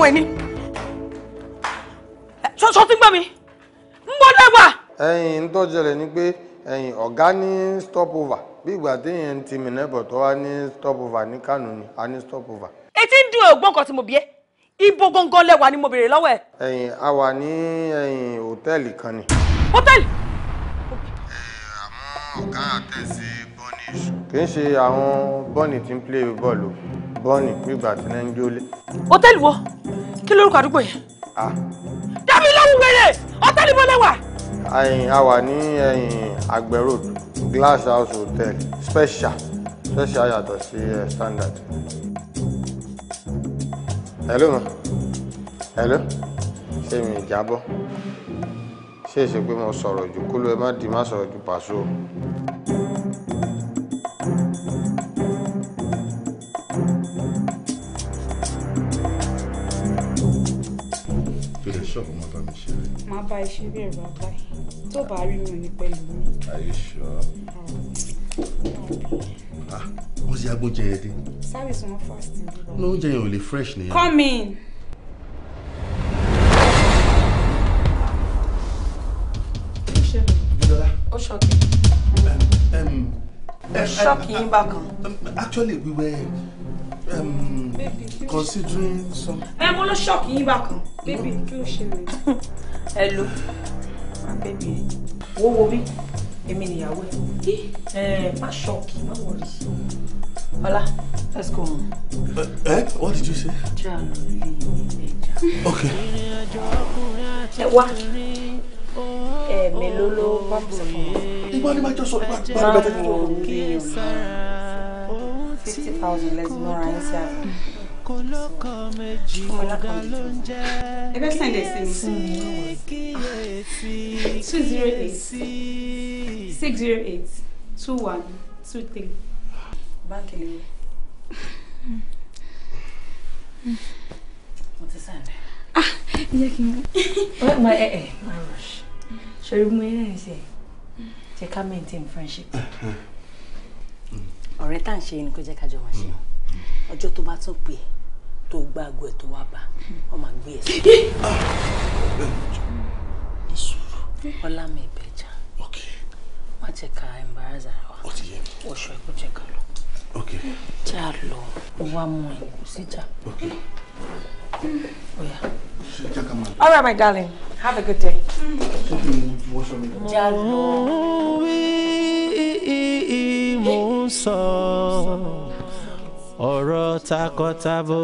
fún ẹ ní. ṣọṣọ tí ń gbọ́ mi ń bọ́ lẹ́wà. ẹyin ń tọ́jẹ̀lẹ̀ ni pé ẹyin ọ̀gá ní stopover bí ìgbà téèyàn ti mìnẹ́bọ̀ tó wá ní stopover ní Kánò ni a ní stopover. etí ń dun ògbọ́n kan tí mo bí ẹ ibo gangan lẹ́wà ni mo béèrè lọ́wọ́ ẹ. ẹyin a wà ní ẹyin hòtẹ́ẹ̀lì kan ni. hòtẹ́ẹ̀lì. àmọ́ ọ̀gá àtẹ̀sí kì ṣe àwọn bọ́ọ̀nì tí ń play bọ́ọ̀lù bọ́ọ̀nì nígbà tí náà ń jólé. hòtẹ́ẹ̀lì wo kí lórúkọ àdúgbò yẹn. dábì lọ́wọ́ wẹ̀rẹ̀ hòtẹ́ẹ̀lì bọ́lẹ̀ wà. a wà ní àgbẹ̀ road glass house hotel special special yàtọ̀ sí standard. hello ma hello ṣé mi ìjábọ̀ ṣé èsì pé mo sọ̀rọ̀ jù kúlú ẹ má di má sọ̀rọ̀ jù pàṣọ. ṣọ́ọ̀bù mọ́tà mi ṣeré. máa bá iṣẹ́ bẹ̀rẹ̀ bàbá ẹ̀ tó bá rí mi ní pẹ̀lú mi. Are you sure? ah, ah wọ́n ti agbó jẹ ẹdín. service wọn fast. ní oúnjẹ yẹn ò lè fresh nìyẹn. come in. ó ṣọ́ọ̀kì. ó ṣọ́ọ̀kì yín bákan. actually we were. Um, considering some. ẹ mo ló ṣọ́ọ̀kì yín bákan bébì kí o ṣe rè. ẹ lo bébì wo wo bí èmi nìyàwó ẹ má ṣọ́ọ̀kì má wọlé sí o. Ọlá let's go home. ẹ what did you say. jà lórí ìmẹ̀jà. ok. ẹ wá ẹ̀ẹ̀mẹ̀ ló ló pàpọ̀. ìgbà ni màá jọ sọ ìgbà ni màá jọ sọ fifty thousand lẹ́sìn mọ́ra yín sí àná. Ebe send it to me. Two zero eight six zero eight two one two three. Báńkì lè wẹ̀. Mo ti Ah, yeah, kí n. Wẹ́n ma ẹ ẹ̀ rush. Ṣé o rí mú ẹ náà ṣe? Ṣé maintain friendship? Uh -huh ọ̀rẹ́ tá à ń ṣe ni kò jẹ́ kájọ wọn ṣe mm. ọjọ́ tó bá tún pè é tó gba àgọ́ ẹ̀ tó wá bá wọn máa gbé ẹ̀ e sí. ọlá mi ìbẹ̀jà má jẹ́ ká embarrass ara wa oṣù ẹ̀ kò jẹ́ ká lọ. já lọ wá mú ẹ kò sí jà. All right, my darling. Have a good day. Mm sọ ọ̀rọ̀ takọtabo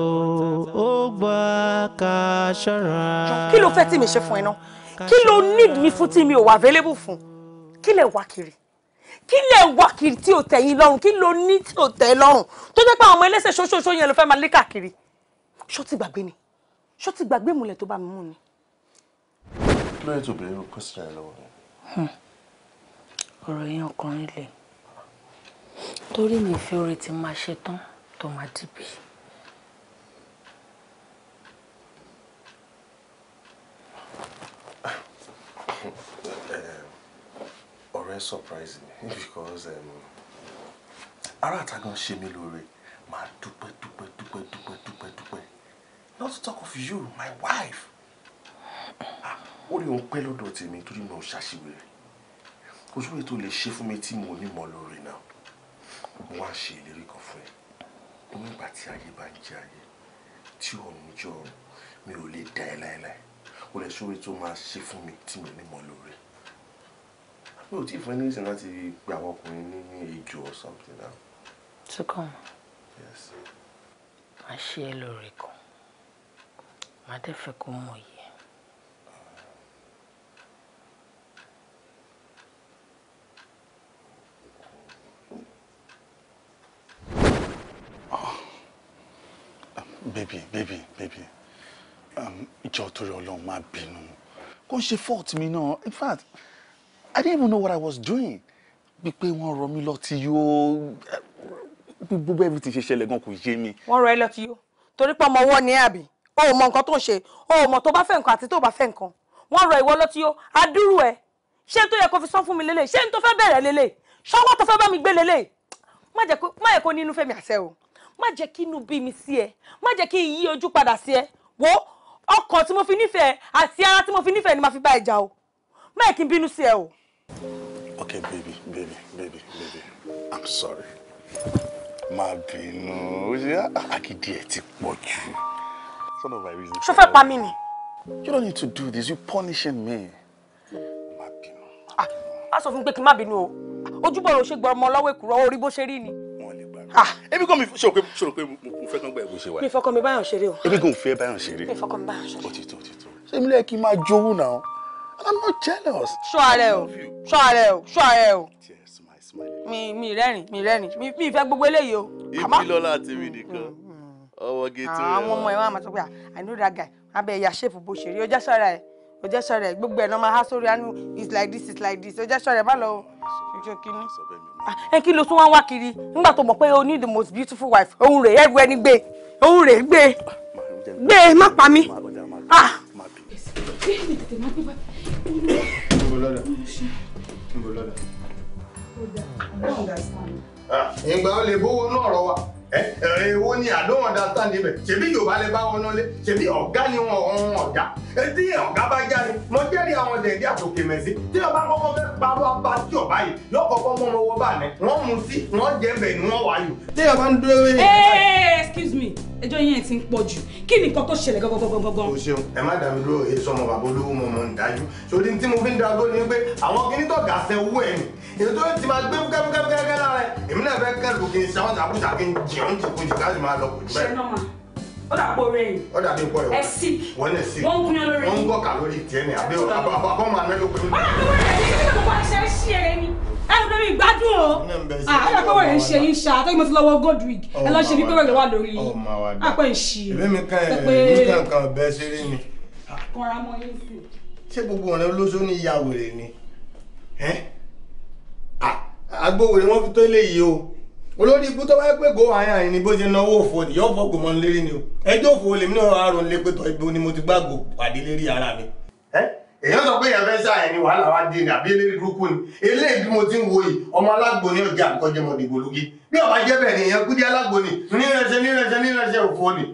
ó gbà ká ṣọ́ra. kí ló fẹ́ tí mi ṣe fún ẹ náà kí ló need mi fún tí mi ò wà available fún kí lè wá kiri kí lè wá kiri tí ò tẹ̀ yín lọ́rùn kí ló ní tí ò tẹ̀ lọ́rùn tó jẹ́ pé àwọn ọmọ ẹlẹ́sẹ̀ ṣoṣooṣo yẹn ló fẹ́ máa lé káàkiri ṣó ti gbàgbé ni ṣó ti gbàgbé ìmùlẹ̀ tó bá mi mú ni. lóye tó bèrè question ẹ lọ́wọ́ mi. Hmm. ọ̀rọ̀ yẹn ọkùnrin lè torí mi fi oore ti máa ṣe tán tó máa dìbì. Eh, ọ̀rẹ́ surprise me because ara àta gan ṣe mí lóore máa dúpẹ́ dúpẹ́ dúpẹ́ dúpẹ́ dúpẹ́ dúpẹ́ not to talk of you my wife ah, ó lè ń pẹ́ lọ́dọ̀ tèmi torí mi ò ṣàṣìwèrè ojú ètò lè ṣe fún mi tí mo ní mọ́ lóore náà mo wá ṣe ìlérí kan fún ẹ níwọ̀n tí ayé bá ń jẹ ayé tí ọ̀run jẹ́ mi ò lè dá ẹ láéláé o lè ṣoore tó máa ṣe fún mi tí mi ní mọ lóore mi ò tí ì fún ẹ ní ìsìn láti gba ọkùnrin ní ní or something now. tó yes. máa ṣe ẹ lóore kan máa dẹ́ fẹ́ kó mọ̀ yìí. baby baby baby um, ìjọ torí Ọlọ́run má bínú kò ń ṣe fault mi náà in fact I didn't even know what I was doing bí pé wọ́n rọ mí lọ́tí yóò bí gbogbo everything ṣe ṣẹlẹ̀ gan kò yé mi. wọ́n rọ ẹ lọ́tí yóò torí pé ọmọ ọwọ́ ni ẹ àbí o ò mọ nǹkan tó ń ṣe o ò mọ tó bá fẹ́ nǹkan àti tó bá fẹ́ nǹkan wọ́n rọ ìwọ lọ́tí yóò adúrú ẹ ṣé n tó yẹ kó fi sán fún mi lélẹ̀ ṣé n tó fẹ́ bẹ̀rẹ̀ lélẹ̀ ṣọwọ́ tó fẹ́ bá mi gbé lélẹ̀ má yẹ kó nínú fẹ́mi àṣẹ o má jẹ́ kí inú bí mi sí ẹ má jẹ́ kí n ojú padà sí ẹ wo ọkàn tí mo fi nífẹ̀ẹ́ àti ara tí mo fi nífẹ̀ẹ́ ni máa fi bá ẹ o má yẹ kí n bínú sí ẹ o. okay baby baby baby baby i'm sorry má bínú ó ṣe àkìdí ẹ ti pọ̀ jù. ṣó fẹ́ pa mí ni. you don't need to do this you punishing me. má bínú. Ah, a sọ fún mi pé kí n má bínú o ojúbọ ló ṣe gbọ́ ọmọ lọ́wọ́ èkúrọ orí bó ṣe rí ni. Ah, èmi kò mi ṣòro pé ṣòro pé mo fẹ́ kán gbà ẹ̀bùn ṣe wá. mi fọkàn mi báyọ̀ ṣeré o. èmi kò fẹ́ báyọ̀ ṣeré. mi fọkàn mi báyọ̀ ṣeré. ó ti tó ó ti tó. ṣé mi lẹ́yìn kí n máa jowú náà and i'm not jealous. ṣọ́ ààrẹ o ṣọ́ ààrẹ o ṣọ́ ààrẹ o. mi mi rẹ́rìn mi rẹ́rìn mi mi fẹ́ gbogbo eléyìí o. ìbílọ́lá àti mi nìkan ọwọ́ gẹ́tù rẹ̀. àwọn ọmọ ẹ̀ wá máa sọ pé ah, i know that guy abẹ́ ẹ̀yà ṣèpù bó ṣeré ó jẹ́ sọ́ra ẹ̀ ó jẹ́ sọ́ra ẹ̀ gbogbo ẹ̀ náà máa há sórí àánú it's like this it's like this ó jẹ́ sọ́ra ẹ̀ má lọ ṣoṣo kínní. Ah, ẹ kí ló tún wá wá kiri nígbà tó mọ̀ pé o ní the most beautiful wife òun rèé ẹrù ẹni gbé òun rèé gbé gbé má pa mí. Ah. Ah, ìgbà ó lè bówó náà rọ wa èwo eh, eh, ni I don't understand ibẹ̀ ṣebí yorùbá lè bá wọn nọlé ṣebí ọ̀gá ni wọn ọ̀hún ọ̀gá eh, tí ọ̀gá bá jáde mo jẹ́rìí àwọn dẹ̀dí àtòkè mẹ́sí tí ọba kọ́kọ́ fẹ́ parọ́ apá tí ọba yìí lọ́kọ̀ọ́kọ́ mọ́ ọmọ owó bá mẹ́ wọ́n mú sí wọ́n jẹ́ bẹ̀ ni wọ́n wáyò. tí ọba ń dúró wẹ́yìn. excuse me ẹjọ́ yẹn ti ń pọ̀ jù kí ni nǹkan tó ṣẹlẹ̀ gangan. o ṣeun ẹ má dàbí lóò èyí sọmọ bàbá olówó mọ mọ dájú sórí tí mo fi ń dago ni pé àwọn kìíní tó gà sẹ owó ẹ ni èyí tó ti máa gbé fúkẹ́fúkẹ́fúkẹ́ lára ẹ èmi náà fẹ́ kẹ́lu kí n ṣe àwọn tàbútà kí n jẹun ti kojú ká sì máa lọ kojú bẹ́ẹ̀. ṣé nọ́mà ó dà pọ̀ rẹ̀ yìí. ó dàbí pọ̀ rẹ̀ wọ́n ẹ̀ sí wọ́n kúnyán lórí. wọ́n ń gọ́ka lórí tiẹ̀ ni àbí àbọ̀ àbọ̀ àbọ̀ máa ẹnu pé mi gbádùn o àyà pé wọ́n rẹ̀ ń ṣe yín ṣá tó kí mo ti lọ́wọ́ gold wig ẹ lọ́ ṣe bí pé wọ́n rẹ̀ wà lórí apẹ̀ ìṣì. ìbí mi kan ẹ̀ mi kan kan bẹ́ẹ̀ ṣeré ni. kọ́ra mọ yín sí. ṣé gbogbo ọ̀rẹ́ olóṣó ní ìyá wèrè ni agbóhùn ni wọ́n fi tó eléyìí o olórí ikú tó bá pé go àyàn àyìn ni bó ṣe náwó òfò ni yóò fọkùn mọ́ lérí ni o ẹjọ́ òfò lèmi náà àrùn lépetọ̀ ibo ni mo ti gbàgbọ́ pàdé lérí ara mi èyàn sọ pé èyàn fẹ́ sá ẹni wàhálà wa dé ní àbí eléyìí burúkú ni eléyìí bí mo ti ń wo yìí ọmọ alágbo ni ọjà àkọjẹ mọ dìgbò lógi bí ọba jẹ bẹ́ẹ̀ ni èyàn kú dé alágbo ni nírẹsẹ nírẹsẹ nírẹsẹ òfò ni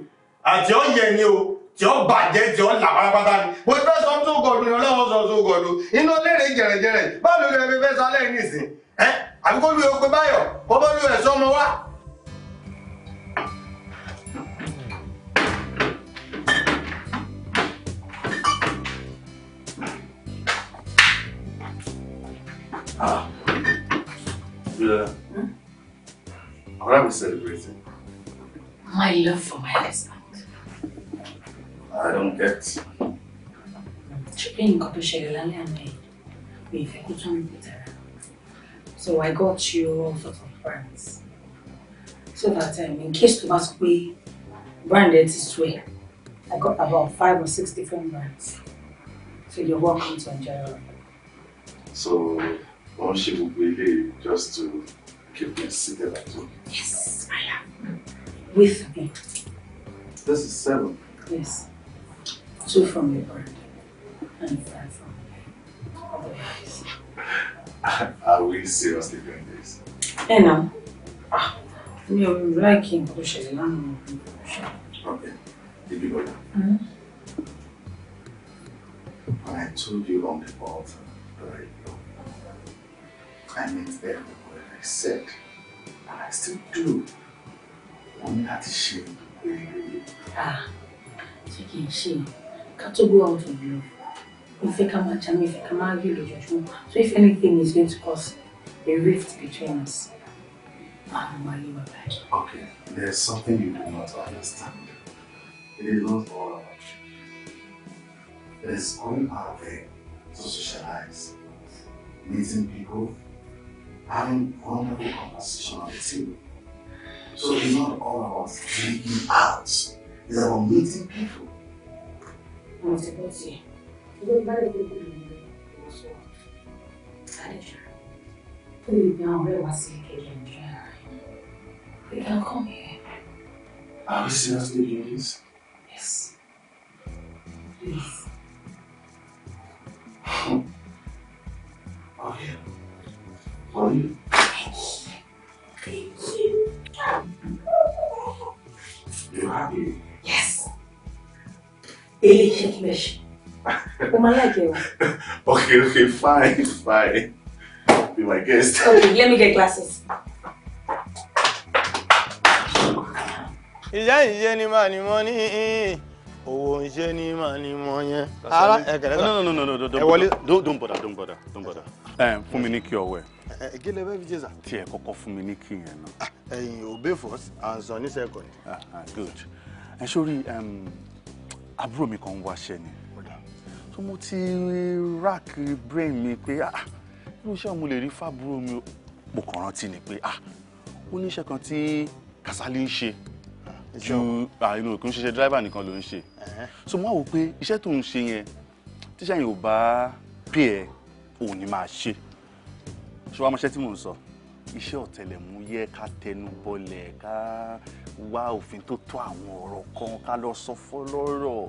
àti ọyẹ ni o tí ó bàjẹ́ tí ó là pátápátá ni mo fẹ́ sọ tó gọdún ni ọlọ́wọ́ sọ tó gọdún iná léèrè jẹ̀rẹ̀jẹ̀rẹ̀ báwo ló o fi fẹ́ sálẹ̀ nísìn ẹ́ àbíkó lu ọgbẹ́ báyọ̀ bọ́bọ́ Bismillah. Hmm? What are we celebrating? My love for my husband. I don't get. tó So I got you all sorts of brands. So that um, in case tó bá sọ branded, brand ẹ ti got about five or six different brands. So you're welcome to enjoy them. So She will be ilé just to keep me seated at home. Yes, I am. With me. This is seven. Yes. Two from your brand and five from me. Yes. Are we seriously doing this? Hey now. Ah, mi ò like him Okay. Did you go down? Mm -hmm. I told you long before that I I meant every word I said, and I still do. Only had láti ṣe rere. Ṣé kìí ṣe ká go out of love? Mo fẹ́ ká máa jami, fẹ́ ká máa yí lójoojúmọ́. So if anything is going to cause a rift between us, I'm my Babai. Okay, there's something you do not understand. It is not all about you. It is going out there to socialize, meeting people, having vulnerable conversation on the table. So it's not all about freaking out. It's about meeting people. We can come here. Are we seriously doing this? Yes. Please. okay. You Thank happy? Yes. Ele shake mesh. Uma Okay, okay, fine, fine. Be my guest. Okay, let me get glasses. Ìyá ìyé ni màá ni mo ní owó ń ṣe ní màá ní mọ yẹn. ara ẹgẹrẹ oh, sá. no no no no no don't bother don't bother don't bother don't bother. ẹ eh, fún mi ní kí ọwọ́ ẹ. ẹ ẹ gílẹ̀ bẹ́ẹ̀ fi jẹ́ sá. tiẹ̀ kọ́kọ́ fún mi ní kí yẹn náà. ẹyin obey first and sọ ní second. Ah, ah, good ẹ sórí àbúrò mi kan ń wáṣẹ ni tó mo ti rack brain mi pé ah, irú iṣẹ́ mo lè rí fábúrò mi mo kàn rántí ni pé ó ní iṣẹ́ kan tí Kasali ń ṣe ju àìlò kò ń ṣiṣẹ́ dírẹ́bà nìkan ló ń ṣe so mo wá wò pé iṣẹ́ tó ń ṣe yẹn tíṣà yẹn ò bá pè ẹ́ òun ni máa ṣe ṣé wàá mọṣẹ́ tí mò ń sọ iṣẹ́ ọ̀tẹlẹ̀múyẹ́ ká tẹnu bọlẹ̀ ká wá òfin tó tó àwọn ọ̀rọ̀ kan ká lọ sọ fọlọ́rọ̀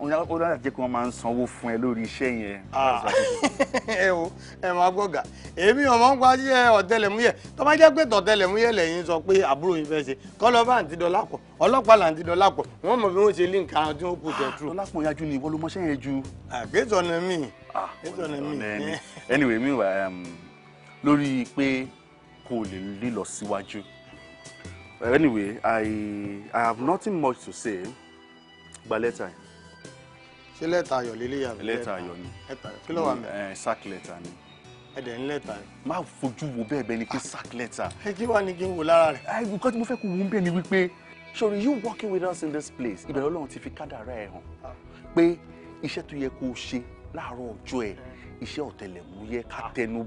ó dára jẹ́ kí wọ́n máa ń sanwó fún ẹ lórí iṣẹ́ yẹn. Ah. ẹ o ẹ máa gbọ́gà èmi ò ń pa iṣẹ́ ọ̀tẹlẹ̀múyẹ́ tó bá jẹ́ pé tọ̀tẹlẹ̀múyẹ́ lẹ́yìn sọ pé àbúrò yìí fẹ́ ṣe kọ́ lọ bá àǹtí dọ́lápọ̀ ọlọ́pàá làǹtí dọ́lápọ̀ wọ́n mọ̀ bí wọ́n ṣe líǹkì àwọn tí wọ́n kò tẹ̀ tú. dọ́lápọ̀ yájú ni ìwọ ló mọṣẹ́ yẹn ju. àgbẹ̀tọ̀nà ah, mi. Ah, anyway mi wà um, lórí pé kò lè lílọ anyway I, I have nothing much to say gba lẹ́tà ṣé lẹ́tà ayọ̀ lélẹ́ yà mí lẹ́tà ayọ̀ ni kí ló wà mí. Eh, sack letter ni. ẹ dẹ̀ ní lẹ́tà yìí. má fojú wo bẹ́ẹ̀ bẹ́ẹ̀ ni pé sack letter. ẹ kí wàá ní kí n wò lára rẹ̀. ẹ eh, nǹkan tí mo fẹ́ kó wọ́n bẹ́ẹ̀ ni wípé sorry you working with us in this place ìbẹ̀rẹ̀ Ọlọ́run ti fi kádàrá ẹ̀ hàn ah. pé iṣẹ́ tó yẹ kó o ṣe láàárọ̀ ọjọ́ ẹ̀ iṣẹ́ ọ̀tẹlẹ̀múyẹ́ ká tẹnu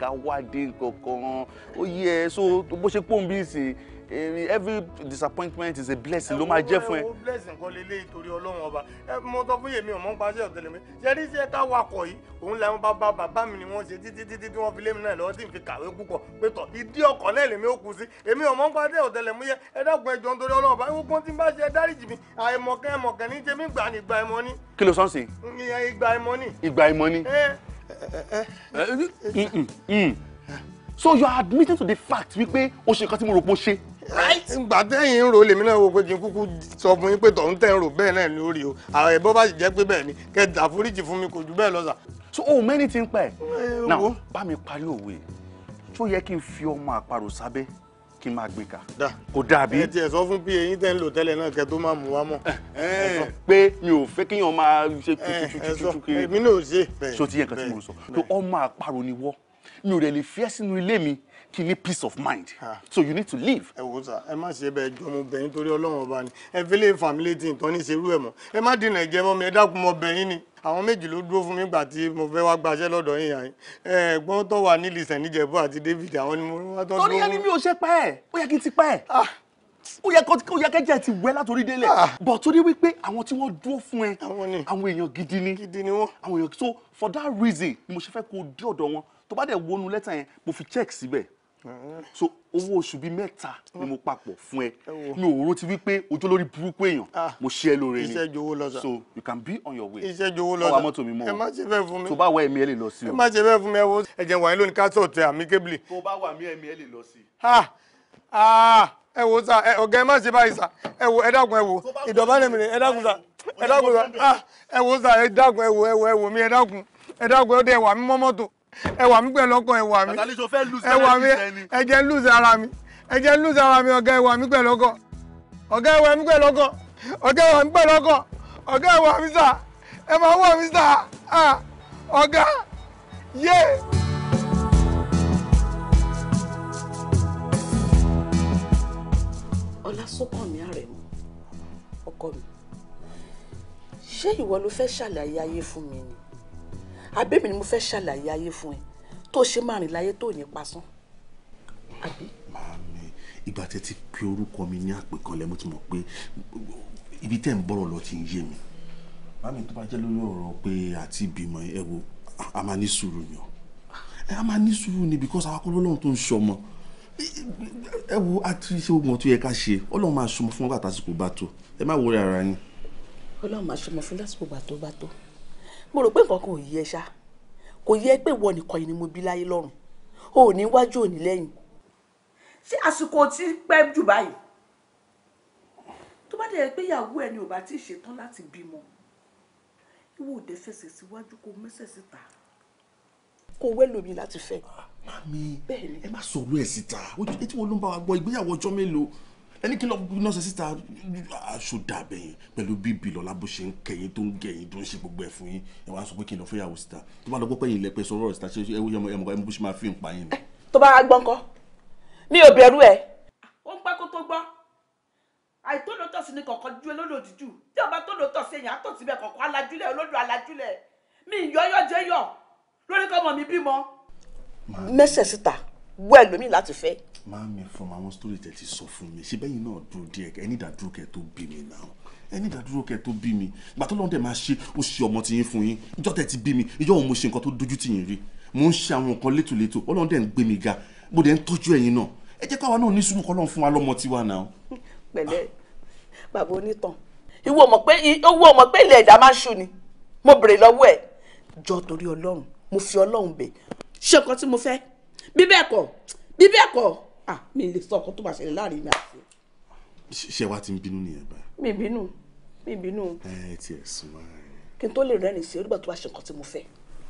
ká wádìí nǹkan kan ó yẹ so bó ṣe pọ́ńbí sí i every disappointment is a blessing ló máa jẹ́ fún ẹ. ẹ wo blessing kan lélẹ́ ìtorí ọlọ́run ọba ẹ mo sọ fún yèmí ọmọ nípa iṣẹ́ ọ̀tẹlẹ̀ mi ṣe rí iṣẹ́ tá wakọ̀ yìí òun làwọn bàbá bàbá mi ni wọ́n ṣe títí títí tí wọ́n fi lé mi náà lọ́wọ́ tí n fi kàwé púpọ̀ pé tọ̀ ìdí ọkọ̀ náà lèmi ó kù sí èmi ọmọ nípa iṣẹ́ ọ̀tẹlẹ̀ mi yẹ ẹ dákun ẹjọ́ nítorí ọlọ́run ọba gbogbo tí n bá ṣe dáríjì mi àìmọ̀kẹ́ ẹ̀mọ̀kẹ́ so you are admitting to the fact wípé o ṣe nǹkan tí mo rò pé o ṣe right. ìgbà tẹ́yìn ń ro lèmi náà wò pé kí n kúkú sọ fún yín pé tọ̀hún tẹ̀ ń rò bẹ́ẹ̀ náà lórí o àwọn ẹ̀bọ́ bá sì jẹ́ pé bẹ́ẹ̀ ni kẹ́ àforíjì fún mi kò jù bẹ́ẹ̀ lọ so o mẹ́ni ti ń pẹ́ eh, náà bá mi parí òwe tó yẹ kí n fi ọmọ àparò sábẹ́ kí n máa gbé ka. kò dàbí. ẹ tiẹ̀ sọ fún pa eyín tẹ́ ń lò tẹ́lẹ̀ náà kẹ́ tó máa mú wa mọ̀. Eh, eh. pé mi ò fẹ́ kéèyàn máa ṣe tutututu kiri. èmi sọ mi ò kini peace of mind so you need to leave. ẹ wo sá ẹ má ṣe bẹ́ẹ̀ jọ mo bẹ̀yìn torí Ọlọ́run ọba ni ẹ fi lè fàmílẹ tí nǹkan ní ṣe irú ẹ mọ ẹ má dènà ìjẹ mọ mi ẹ dákun mọ bẹ̀yìn ni àwọn méjì ló dúró fún mi gbà tí mo fẹ́ wá gbaṣẹ́ lọ́dọ̀ yìnyín yẹn ẹ̀gbọ́n tó wà ní lisẹ̀ níjẹ̀bú àti David àwọn ni mo wá tọ́ dúró. torí ẹni mi ò ṣe pẹ́ ẹ̀ ó yẹ kí n ti pẹ́ ẹ̀ ah. ó yẹ kó yẹ kẹjẹ ti wẹ látòrí délẹ̀ ah. bọ̀ torí wípé àwọn tí wọ́n dúró fún ẹ àwọn èèyàn gidi ni gidi ni wọ́n àwọn èèyàn so for that reason ni mo ṣe fẹ́ kó dé ọ̀dọ̀ wọn tó bá dẹ̀ wọnú lẹ́tà yẹn mo fi check síbẹ̀ so owó oṣù bíi mẹ́ta ni mo papọ̀ fún ẹ mi ò rántí wípé ojú olórí burúkú èèyàn ah, mo ṣe ẹ lóore ni so you can be on your way iṣẹ́ jowó lọ́sà ọwọ́ mọ́tò mi mọ́ ẹ má ṣe bẹ́ẹ̀ fún mi tó bá wà ẹ̀mí ẹ lè lọ sí o ẹ má ṣe bẹ́ẹ̀ fún mi ẹ wo ẹ̀jẹ̀ wà ní lónìí ká sọ̀tẹ̀ àmì kébìlì tó bá wà mí ẹ̀mí ẹ lè lọ sí. ẹ wo sa ọ̀gá ẹ má ṣe báyìí sa ẹ wo ẹ dákun ẹ wo ìdọ̀bálẹ̀ ẹ dákun ẹwà mi pẹ̀lú ọkọ ẹwà mi ẹwà mi ẹjẹ lùzẹ ara mi ẹjẹ lùzẹ ara mi ọ̀gá ẹwà mi pẹ̀lú ọkọ ọ̀gá ẹwà mi pẹ̀lú ọkọ ọ̀gá ẹwà mi pẹ̀lú ọkọ ọ̀gá ẹwà mi sà ẹ máa wọ̀ mi sà ọ̀gá yé. ọlásùnkànmí àrẹ̀mú ọkọ mi ṣé ìwọ ló fẹ́ ṣàlàyé ayé fún mi ni àbẹ́mi ni mo fẹ́ ṣàlàyé ayé fún ẹ tó ṣe máa rìn láyé tó ní pasán àbí. màámi ìgbà tẹ́ ti pe orúkọ mi ní àpè kan lẹ́mú tí mo pé ibi tẹ́ ń bọ̀rọ̀ lọ ti ń yé mi màámi tó bá jẹ́ lórí ọ̀rọ̀ pé àti ìbímọ ẹ wo a máa ní sùúrù ni ọ ẹ máa ní sùúrù ni because àwọn akọ́lọ́ lọ́run tó ń ṣọmọ ẹ wo àti ṣe oògùn tó yẹ ká ṣe ọlọ́run máa ṣọmọ fún ọgbà tásìkò bá tó ẹ má wọrí ara yín. ọlọ́run máa ṣọmọ fún lásìkò bá tó bá tó mo rò pé nǹkan kan ò yí ẹ ṣá kò yẹ pé ìwọ nìkan yìí ni mo bí láyé lọ́rùn o ò ní wájú ò ní lẹ́yìn. ṣé àsìkò ti pẹ́ jù báyìí tó bá dẹ̀ pé ìyàwó ẹni ò bá tí ì ṣetán láti bímọ ìwọ ò fẹsẹ̀ síwájú kó mẹ́sẹ̀ síta kó wẹ́ lómi láti fẹ́. mami ẹ má sọ̀rọ̀ ẹ̀ síta etí wọn ló ń bá wa gbọ́ ìgbéyàwó ọjọ́ mélòó ẹni kí lọ náà ṣe síta aṣọ dàbẹ yẹn pẹ̀lú bíbí lọlá bó ṣe ń kẹyìn tó ń gẹyìn tó ń ṣe gbogbo ẹ fún yín ẹ wá sọ pé kí n lọ fẹ́yàwó síta tó bá lọ gbọ́ pé yìí lẹpẹ sọ̀rọ̀ síta ṣe ẹ wúyọ ẹmọ ẹmọ bó ṣe máa fi ń pa yín. Eh, tó bá gbọ́ ńkọ́ mi ò bẹ̀rù ẹ̀. ó ń pẹ́ kó tó gbọ́ àìtólótọ́ sí ni kọ̀ọ̀kan ju olódòdì jù tí ọba tólótọ́ sí èèyàn àtọ̀ síbẹ̀ kọ̀ọ̀kan alájúlẹ̀ olódò alájúlẹ̀ mi ìyọ́yọ́ jẹ́ yọ̀ lórí kọ́mọ mi bímọ. mẹ́sẹ̀ síta wẹ́ẹ̀ lómi láti fẹ́ máa mi fún àwọn story tẹ ti sọ fún mi ṣé bẹ́yìn náà dúró díẹ̀ ẹni ìdádúró kẹ tó bí mi náà ẹni ìdádúró kẹ tó bí mi ìgbà tó lọ́n dẹ̀ máa ṣe ó ṣe ọmọ tiyín fún yín ìjọ́ tẹ ti bí mi ìjọ́ òun mo ṣe nǹkan tó dojú tiyín rí mo ń ṣe àwọn nǹkan létòlétò ọlọ́run dẹ̀ ń gbé mi ga mo dẹ̀ ń tọ́jú ẹ̀yin náà ẹ jẹ́ káwa náà ní sùúrù kọ́lọ́run fún wa lọ́mọ tiwa náà. pẹ̀lẹ́ bàbá onítàn ìwọ mọ̀ pé owó mọ̀ pé ilé mo bèrè lọ́wọ́ ẹ̀ jọ torí ọlọ́run mo fi ọlọ́run bẹ̀ ṣé nǹkan tí mo fẹ́ ah mi lè sọ ọkọ tó bá ṣẹlẹ̀ láàrin mi àti. ṣé wàá ti ń bínú nìyẹn báyìí. mi bínú mi bínú. ẹ ti ẹ sùn wá. kí n tó lè rẹ́rìn sí orígbà tó bá ṣe nǹkan tí mo fẹ́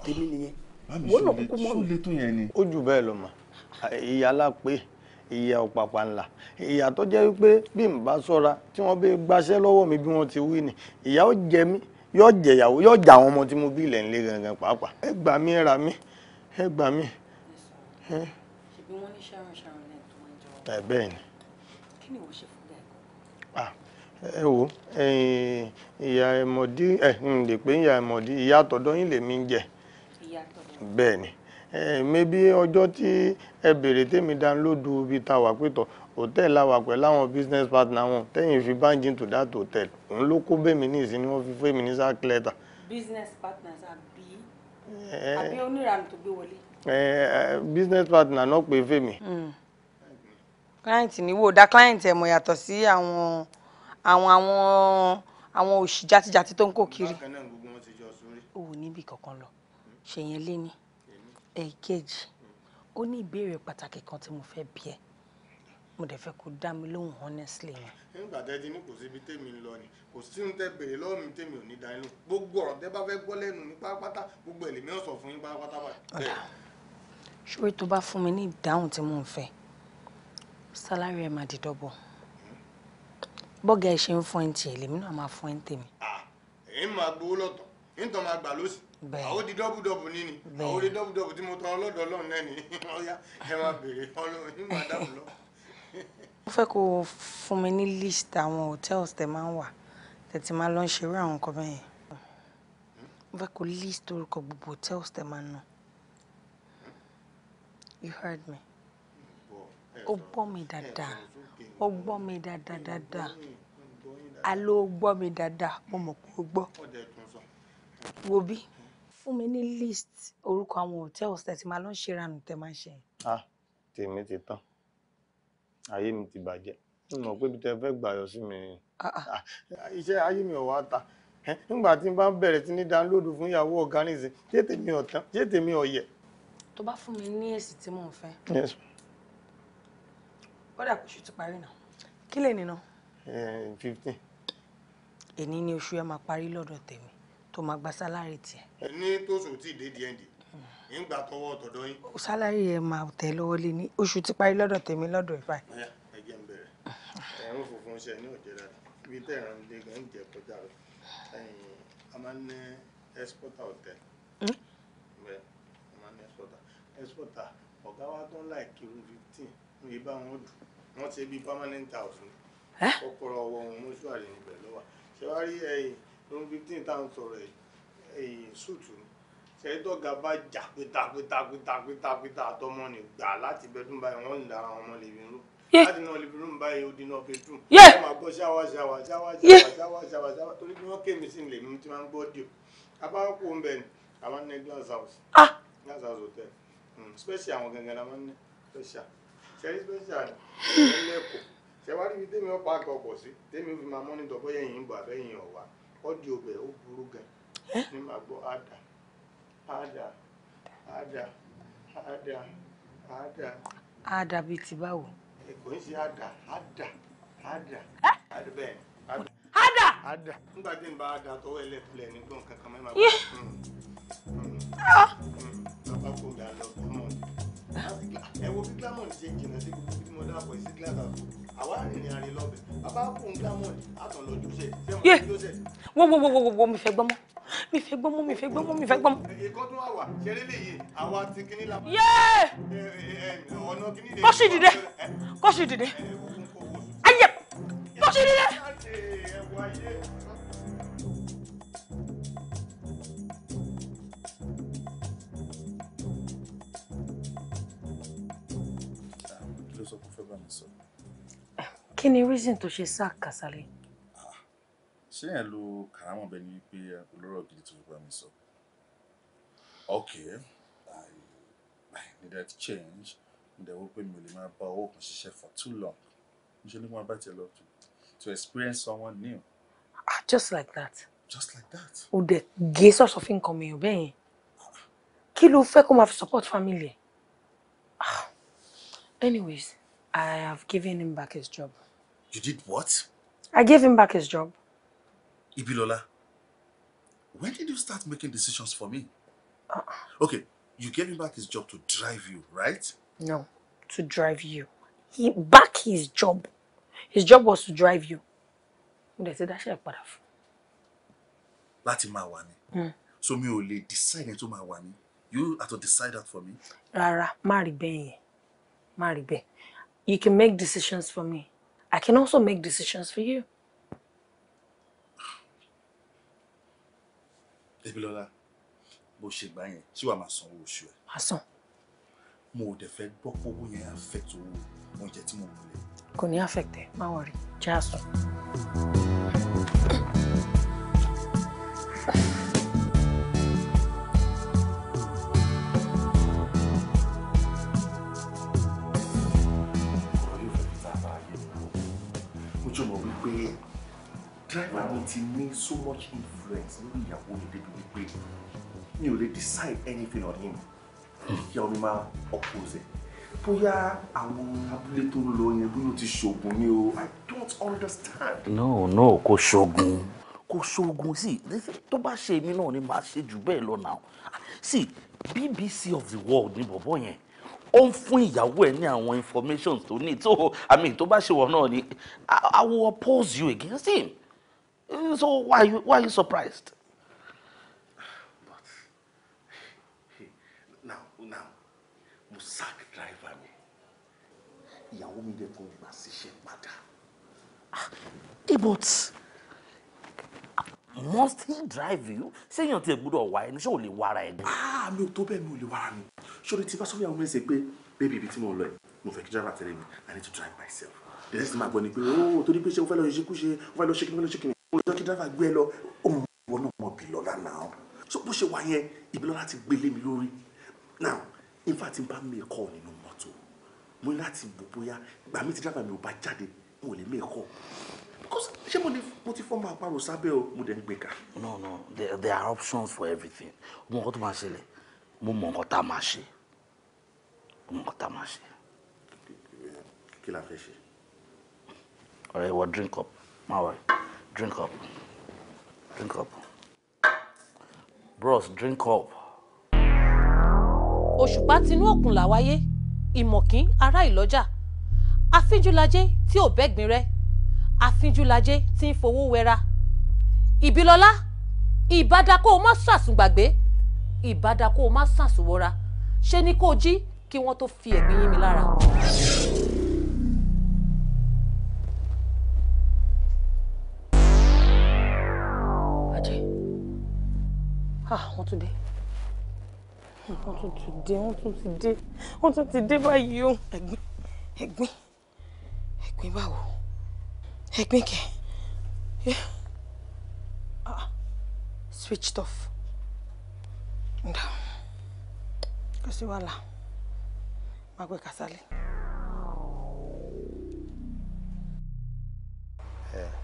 tèmi nìyẹn. bámi sóle tó yẹn ni. ó jù bẹ́ẹ̀ lọ mà ìyá alápè ìyá ọ̀pàpà ńlá ìyá tó jẹ́ wípé bí n bá sọ́ra tí wọ́n bẹ gbaṣẹ́ lọ́wọ́ mi bí wọ́n ti wí ni ìyá ó jẹ mí yóò jẹyàwó yóò jà àwọn ọmọ tí mo bí ilẹ̀ ńlẹ̀ gangan pàápàá ẹ gbà mí ẹ ra mí ẹ gbà mí. ṣèbí wọn ní ṣàrànṣàràn. ẹ bẹ́ẹ̀ ni. ni ẹ wo ìyá ẹ̀mọ̀dí ẹ̀ ń lè pé ìyá ẹ̀mọ̀dí ìyá àtọ̀dọ́ yín ni ọjọ́ tí ẹ bèrè tèmi ibi ta wà pé tọ̀ hòtẹ́ẹ̀lì business partner wọn tẹ́yìn fi báńjì to that hotel òun ló kó bẹ́ẹ̀mí ní ni wọ́n fi ní sáà business partners àbí àbí oníranù tó gbé business partner náà pè client ni wo da client ẹ̀ mọ̀ yàtọ̀ sí àwọn àwọn àwọn àwọn òṣì játijàti tó ń kó kiri. bákan náà gbogbo wọn ti jọ sórí. o ò níbi kankan lọ ṣèyẹn lé ní kan tí mo fẹ́ bi ẹ́ mo dẹ̀ fẹ́ kó dá mi lóhùn honestly yẹn. nígbà tẹ́ ti ní kò síbi tèmi ń lọ ni kò sí ní tẹ́ béèrè lọ́wọ́ mi tèmi ò ní dání lò gbogbo ọ̀rọ̀ tẹ́ bá fẹ́ gbọ́ lẹ́nu mi pátápátá gbogbo ẹ̀lẹ́mí ọ̀sán fún yín pátápátá. ṣé tó bá fún mi ní ìdáhùn tí mò ń fẹ́ salary ẹ̀ máa di dọ́bọ̀ bọ́gà ẹ̀ ṣe ń fún ẹ̀ ń tiẹ̀ lèmi náà máa fún ẹ̀ ń tèmi. èyí máa gbowó lọ́tọ̀ nítorí máa gbà lọ́sì àwọn di dọ́bùdọ́bù ní ni àwọn di dọ́bùdọ́bù tí mo tọ́ ọlọ́dọ̀ ọlọ́run náà ni ọ̀ya ẹ máa béèrè ọlọ́run ní màá dábò lọ. mo fẹ́ kó o fún mi ní list àwọn hotels tẹ máa ń wà tẹ̀tí máa lọ ń ṣerú àwọn nǹkan bẹ́ẹ̀ mo fẹ́ kó list orúkọ gbogbo hotels tẹ máa ń you heard me ó gbọ́ mi dáadáa ó gbọ́ mi dáadáa dáadáa alo gbọ́ mi dáadáa mo mọ̀ pé ó gbọ́ wo bí fún mi ní list orúkọ àwọn hòtẹ́ẹ̀lì tẹ̀ máa lọ ń ṣe tẹ̀ máa ń ṣe. ah tèmi ti tán ayé mi ti bàjẹ́ mo mọ̀ pé ibi tẹ fẹ́ gbàyọ̀ sí mi ah, ah. Ah, iṣẹ́ ayé mi ò wá ta nígbà tí n bá bẹ̀rẹ̀ sí ní dáńlódù fún ìyàwó ọ̀gá nìsín jẹ́ tèmi ọ̀tán jẹ́ tèmi ọ̀yẹ̀. tó bá fún mi ní èsì tí mò ń fẹ́. yes kódà kò ṣù ti parí náà. kí lè nínà. fifteen. èní ni oṣù ẹ máa parí lọ́dọ̀ tèmi tó máa gba sálárì tiẹ̀. ní tóṣù tí ì dé di ẹ̀ǹdì ìgbà tọwọ́ tọ̀dọ̀ yín. sálárì ẹ máa tẹ̀ lọ́wọ́ lé ní oṣù ti parí lọ́dọ̀ tèmi lọ́dọ̀ ìfà. ẹ jẹ́ ń bẹ̀rẹ̀ ẹ̀rún funfun ṣe ní òjẹ́ rẹ̀ ibi tẹ̀ ẹ̀rọ ilé gan jẹ́ kọjá rẹ̀ a máa ń ní exporter hotel hmm? bẹ́ẹ̀ a máa ń ní exporter exporter ọ̀gá wa tó ń láì kí fi mo yẹ bá wọn dùn wọn ti bí permanent house ni kọ́kọ́rọ́ ọwọ́ wọn mọ́ṣúárì níbẹ̀ lọ́wọ́ ṣe wá rí ẹ̀yìn lóun fifteen táwọn sọ̀rọ̀ ẹ̀yìn sùtù ni ṣẹ́dọ̀gà bá jà pétakpétakpétakpétakpéta àtọmọ ni gbà láti bẹ́dún báyìí wọ́n ń da àwọn ọmọ lè bínú láti náà lè bínú báyìí ó dínà bẹ́dún wọ́n máa gbọ́ ṣáwá ṣáwá ṣáwá ṣáwá ṣáwá ṣáwá torí bí wọ́n kéèmí sí ilé mi tí máa ń gbọ́ díò abáwọ́pọ̀ ń bẹ̀ ni àwọn ní glass house ah. glass house hotel hmm, special àwọn gangan la máa ń ní special. ṣẹ́rí special ẹlẹ́kọ̀ọ́ ṣẹ́wárí ibi tèmi ọ̀pá àkọ́kọ̀ sí tèmi fi máa mọ́ni tọ́ bóyá ẹ̀yìn bọ̀ àbẹ́yìn ọ̀wá ọ́dí ọbẹ̀ ó burú gan ní máa gbọ́ hmm, hmm, hmm. ah! àdà àdà ẹ wo bí glamond ṣe ń jìnnà sí mi fẹ́ gbọ́ mọ́ mi fẹ́ gbọ́ mọ́ mi fẹ́ gbọ́ mọ́ mi fẹ́ gbọ́ mọ́. ìkọ́dún àwà ṣeré lèyí àwa ti kíní la. yéé kó sì dìde kó dìde ayé kó sì dìde. sọ kó fẹ́ bá mi sọ. kí ni reason tó ṣe sá Kàsálẹ̀. ṣé yẹn lo karamọ bẹ ni pé olóró gidi tó fẹ́ bá mi sọ. okay i need needed change ǹdẹ̀wọ́ pé mi ò lè máa bá owó kan ṣiṣẹ́ for too long ǹṣe ni mo bá tiẹ̀ lọ to to experience someone new. ah just like that. just like that. o dẹ̀ gé sọ̀sọ̀ fi nǹkan mi ò bẹ́ẹ̀ yẹn kí ló fẹ́ kó máa fi support family ah, anyways I have given him back his job. You did what? I gave him back his job. Ibilola, when did you start making decisions for me? Uh Okay, you gave him back his job to drive you, right? No, to drive you. He back his job. His job was to drive you. Ndẹ̀sí dáṣẹ́ ìpadà fún. Láti máa wà ní. Hmm. So mi ò lè decide ẹ̀ tó You have to decide that for me. Rara, marry rí Marry yẹn. You can make decisions for me. I can also make decisions for you. Debilola, bó ṣe gbà yẹn, ṣé wàá máa san owó oṣù ẹ? Màá san. Mo ò dẹ̀ fẹ́ gbọ́ fowó yẹn affect owó oúnjẹ tí mo mú lẹ. Kò ní affect ẹ, worry. Just jẹ́ àsùn. driver mi ti ní so much influence lórí ìyàwó mi débi wípé mi ò lè decide anything on him kí ọmọ mi máa oppose ẹ̀ bóyá àwọn abúlé tó ń lọ yẹn bóyá o ti ṣoògùn ni o i don't understand. no no kò ṣoògùn kò ṣoògùn sí tó bá ṣe èmi náà ni màá ṣe jù bẹ́ẹ̀ lọ náà sí bbc of the world ni bọ̀bọ̀ yẹn ó ń fún ìyàwó ẹ ní àwọn information tó ní tó i mean tó bá ṣe wọ náà ni i will oppose you against him. Mm, so why are you, why are you surprised? But hey, now, now, mo sack driver me? Ìyàwó mi dẹ̀ tún gbà síṣẹ́ padà. Ah, hey, but must he drive you? Ṣéyàn tí ẹ gbúdọ̀ or ẹni ṣé ò lè wára ẹ Ah, mi ò tó bẹ́ẹ̀ mi ò lè wára mi. Ṣòro tí bá sọ fún ìyàwó mi ṣe pé bébí ibi tí mo lọ driver tẹ̀lé mi, I need to drive myself. This is my I gbọ́ oh, to the ṣé o fẹ́ lọ ṣe kú ṣe, o ọjọ́ tí dáfà gbé ẹ lọ ó náà mọ̀ bí lọ́la náà so bó ṣe wà yẹn ìbílọ́lá ti gbélé mi lórí now in fact n bá mi nínú mọ́tò mo ní láti wò bóyá gbà mí ti dábàá mi ò bá jáde n ò lè mí because ṣé mo lè mo ti fọ́ máa parọ́ sábẹ́ o mo dẹ̀ ń gbé ká. no no there, there are options for everything mo mọ nǹkan tó máa ṣẹlẹ̀ mo mọ nǹkan tá a máa ṣe mo mọ nǹkan tá a máa ṣe. kí la fẹ́ ṣe. ọ̀rẹ́ wọ drink up má wọrí. Drink up. Drink up. Bros, drink up. Òṣùpá tinú òkun làwáyé, ìmọ̀kín ará ìlọ́jà. Afínjúlajé tí ò bẹ́gbin rẹ̀. Afínjúlajé tí ń fowó wẹra. Ìbílọ́lá, ìbádakó o má sàsùngbàgbé. Ìbádakó o má sàsùnwọra. Ṣé ni kó jí kí wọ́n tó fi ẹ̀gbin yín mi lára. ah wọ́n tún dé wọ́n tún ti dé wọ́n tún ti dé wọ́n tún ti dé báyìí o ẹ̀gbin ẹ̀gbin ẹ̀gbin báwo ẹ̀gbin kẹ̀ eh. ah switched off nda kò sí wàhálà máa gbé kásálẹ̀. Yeah.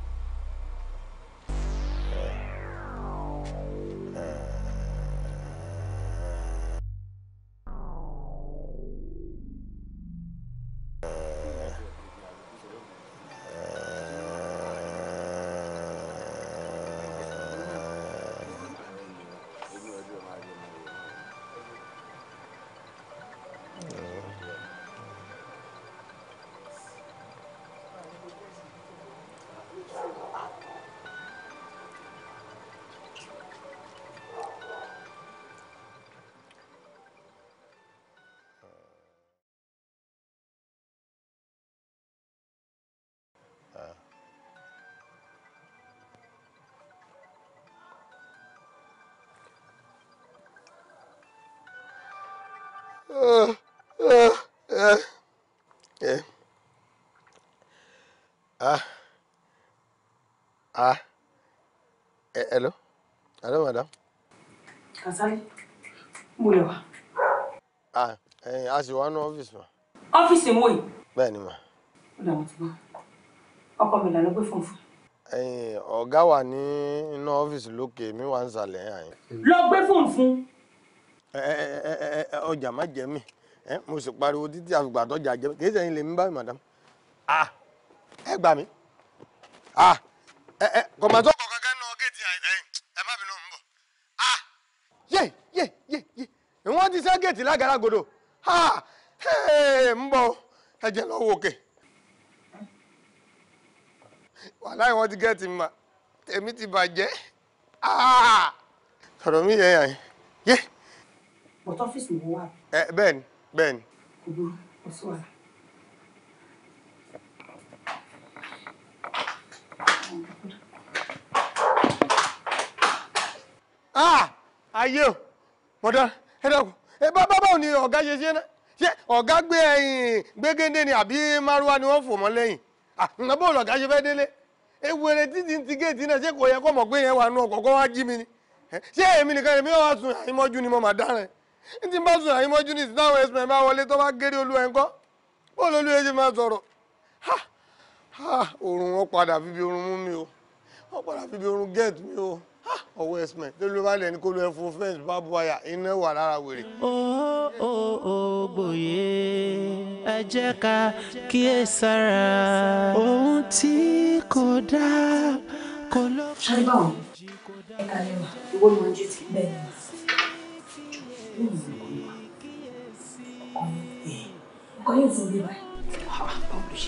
Eh, eh ah ah eh hello hello madam. Kasali, mo Ah, eh a sì wá ní ma. Ọ́fíìsì mo ma. eh dàgbà Ọkọ mi mi wà Lọ gbé fún eh eh eh eh, eh ọjà ma jẹ mí. mo sì pariwo títí àfìgbà tó jà jẹ kì í sẹ́yìn lèmi báyìí madam ah ẹ gbà mí ah ẹ ẹ kọ̀mọ̀tò kọ̀ọ̀kan kẹ́ ń nọ géètì ẹ̀yìn ẹ má bínú ń bọ̀ ah yé yé yé yé wọ́n ti sẹ́ géètì lágàràgodo ah ń bọ̀ ẹ jẹ́ lọ́wọ́ òkè wàláì wọ́n ti gẹ́ẹ̀tì mà tèmi ti bàjẹ́ sọ̀rọ̀ mi yẹ yàn yé. port office ni mo wà. ẹ bẹ́ẹ̀ ni. bẹ́ẹ̀ni. Ah, ayé o mọ̀dá ẹ dákun ẹ bá bá báwo ni ọ̀gá ṣe ṣe náà ṣé ọ̀gá gbé ẹ̀yìn ni àbí márúwá ni wọ́n fò mọ́ lẹ́yìn ah, ǹkan bó lọ̀gá ṣe fẹ́ délé ewúrẹ́ títí ti géètì náà ṣé kò yẹ kó mọ̀ pé wà nù ọkọ̀ wá jí mi ni ṣé èmi nìkan èmi yóò wá sùn àìmọ́jú ni mo ma dára ẹ̀. ní ti bá sùn àyè mọ́jú ní ìsìláwọ̀ ẹ̀sùn ẹ̀ bá wọlé tó bá géré olú ẹ̀ ń kọ́ bóòlù olú ẹ̀ ṣe máa sọ̀rọ̀ ha ha oorun wọn padà fíbi oorun mú mi o wọn padà fíbi oorun get mi o ha ọwọ́ ẹ̀sùn ẹ̀ lólu bá lẹ̀ ní kó lu ẹ̀fọ́ fẹ́ǹsì bá bu àyà iná wà lára wèrè. ó gbòye ẹ jẹ́ ká kíyèsára ohun tí kò dáa kò lọ́ọ́ fún ẹ̀ka lè ìwọ́n mọ̀ ní ti bẹ́ẹ̀ ọkọ yóò fún mi báyìí. báwo ló ṣe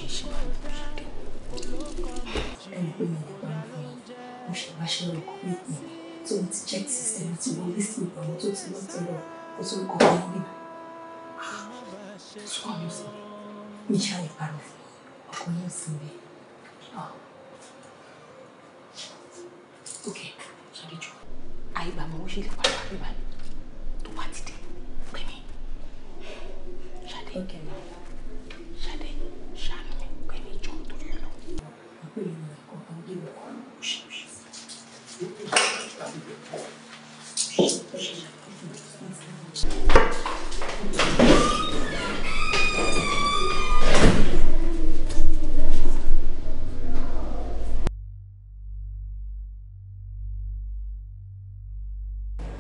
ń ṣe báyìí ló wá ti dé pè mí Ṣadé Ṣadé ṣàánú mi pè mí jọ nítorí ẹ lọ.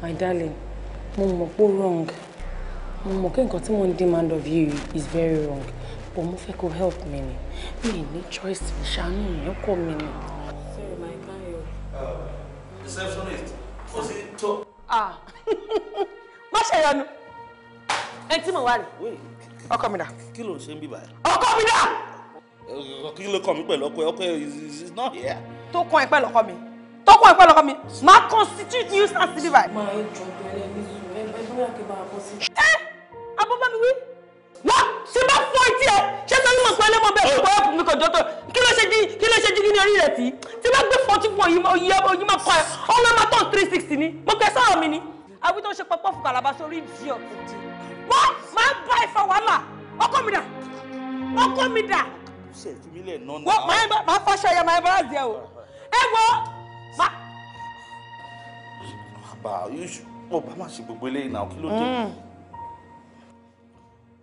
My darling mo mọ̀ pé wrong mo mọ̀ pé nǹkan tí mo ń demand of you is very wrong but mo fẹ́ kó help mi ni mi ní choice mi ṣàánú mi ọkọ mi ni. sorry my kind of. Uh, receptionist ó ti Ah. má ṣe yọnu ẹ tí mo wá rè ọkọ mi dà. kí ló ń ṣe ń bíbá. ọkọ mi dà. kí ló kàn mí pẹ̀lú ọkọ ẹ ọkọ ẹ is not here. tó kàn ẹ pẹ̀lú ọkọ mi tó kàn ẹ pẹ̀lú ọkọ mi máa constitute nuisance bíbá. máa ń jọ bẹ́ẹ̀ ní bóyá kí n bá a bọ́ sí. ẹ abọ́bá mi wí. wá ṣe bá fọ etí ẹ ṣé sọ yín mọ̀ pé ẹlẹ́mọ̀ bẹ́ẹ̀ kò wọ́pù mi kò jọ́tọ̀ kí ló ṣe kí ló ṣe jí ní orí rẹ̀ tí tí bá gbé fọ́tí fún òyìn òyìn máa kọ́ ẹ ọmọ ẹ máa tán three sixty ni mo kẹ́ sọ̀rọ̀ mi ni. àbí tó ń ṣe pọpọ́ fún kàlàbà sórí ìdí ọ̀ wọ́n máa ń bá ìfọ̀ wàhálà ọkọ mi dà ọkọ mi dà wọ́n máa fọṣọ ẹ̀yà máa bá àzẹ́ o ẹ wọ́n. bá a yóò ṣù mo bá má ṣe gbogbo eléyìí náà kí ló dé.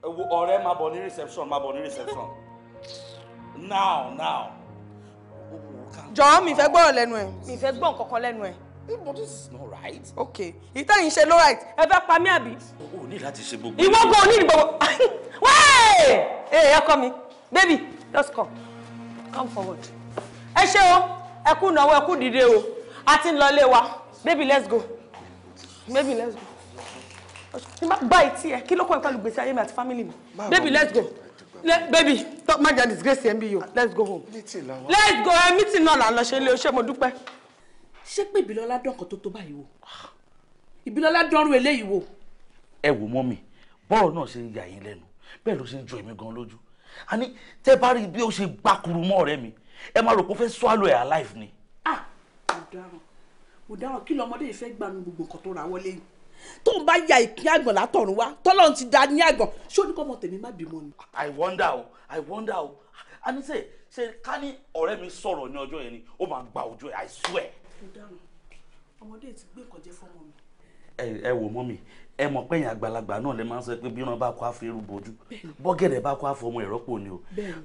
ewu mm. ọ̀rẹ́ máa bọ̀ ní reception máa bọ̀ ní reception now now. jọ̀ọ́ mi fẹ́ gbọ́rọ̀ lẹ́nu ẹ̀ mi fẹ́ gbọ́ nǹkan kan lẹ́nu ẹ̀. Eh, but this is not right. ok ìtẹ̀yìn ṣe no right ẹ fẹ́ pa mí àbí. o ò ní láti ṣe gbogbo. ìwọ gan oní gbogbo wẹ́ẹ̀ ẹ ọkọ mi baby just come come forward. ẹ ṣé o ẹ kú náwó ẹ kú dìde o a ti ń lọ ilé wa baby let's go baby let's go ní má bá ìtì ẹ kí ló kọ́ ẹ pẹ̀lú gbèsè mi àti family mi baby let's go baby stop my jam disgrace ẹ̀ ń bí let's go home let's go ẹ meeting náà là ń lọ ṣe ilé oṣù mo dúpẹ́. ṣé pé ìbílọ́lá dọ̀kan tó tó báyìí wò ìbílọ́lá dọ́rùn eléyìí wò. ẹ wò mọ́ mi bọ́ọ̀rọ̀ náà ṣe yà yín lẹ́nu bẹ́ẹ̀ ló ṣe ń jọ èmi gan lójú àní tẹ́ bá rí bí ó ṣe gbàkúrú mọ́ ọ̀rẹ́ mi ẹ máa rò pé ó fẹ́ swallow ẹ̀ alive ni. ah ọ̀daràn ọ̀daràn kí lọmọdé yìí fẹ́ gbanu gbogbo nǹkan tó ra wọlé yìí tó ń bá ya ìpín àgbọ̀n látọ̀run wá tọ́lọ́run ti da ní àgbọ̀n ṣé oníkọ́ tèmi má bímọ ni. i wonder o i wonder o ani ṣe ṣe ká ní ọ̀rẹ́ mi sọ̀rọ̀ ní ọjọ́ yẹn ni ó máa gba òjò ẹ̀ i swear. ọ̀daràn ọmọdé ti gbé nǹkan jẹ fọmọ mi. ẹ ẹ wò mọ́ mi ẹ mọ̀ pé ẹ̀yin àgbàlagbà náà lè máa ń sọ pé bí iran bá kó àfẹ́rù bojú bọ́gẹ̀dẹ̀ bá kó àfọmọ ìrọ́pò ni o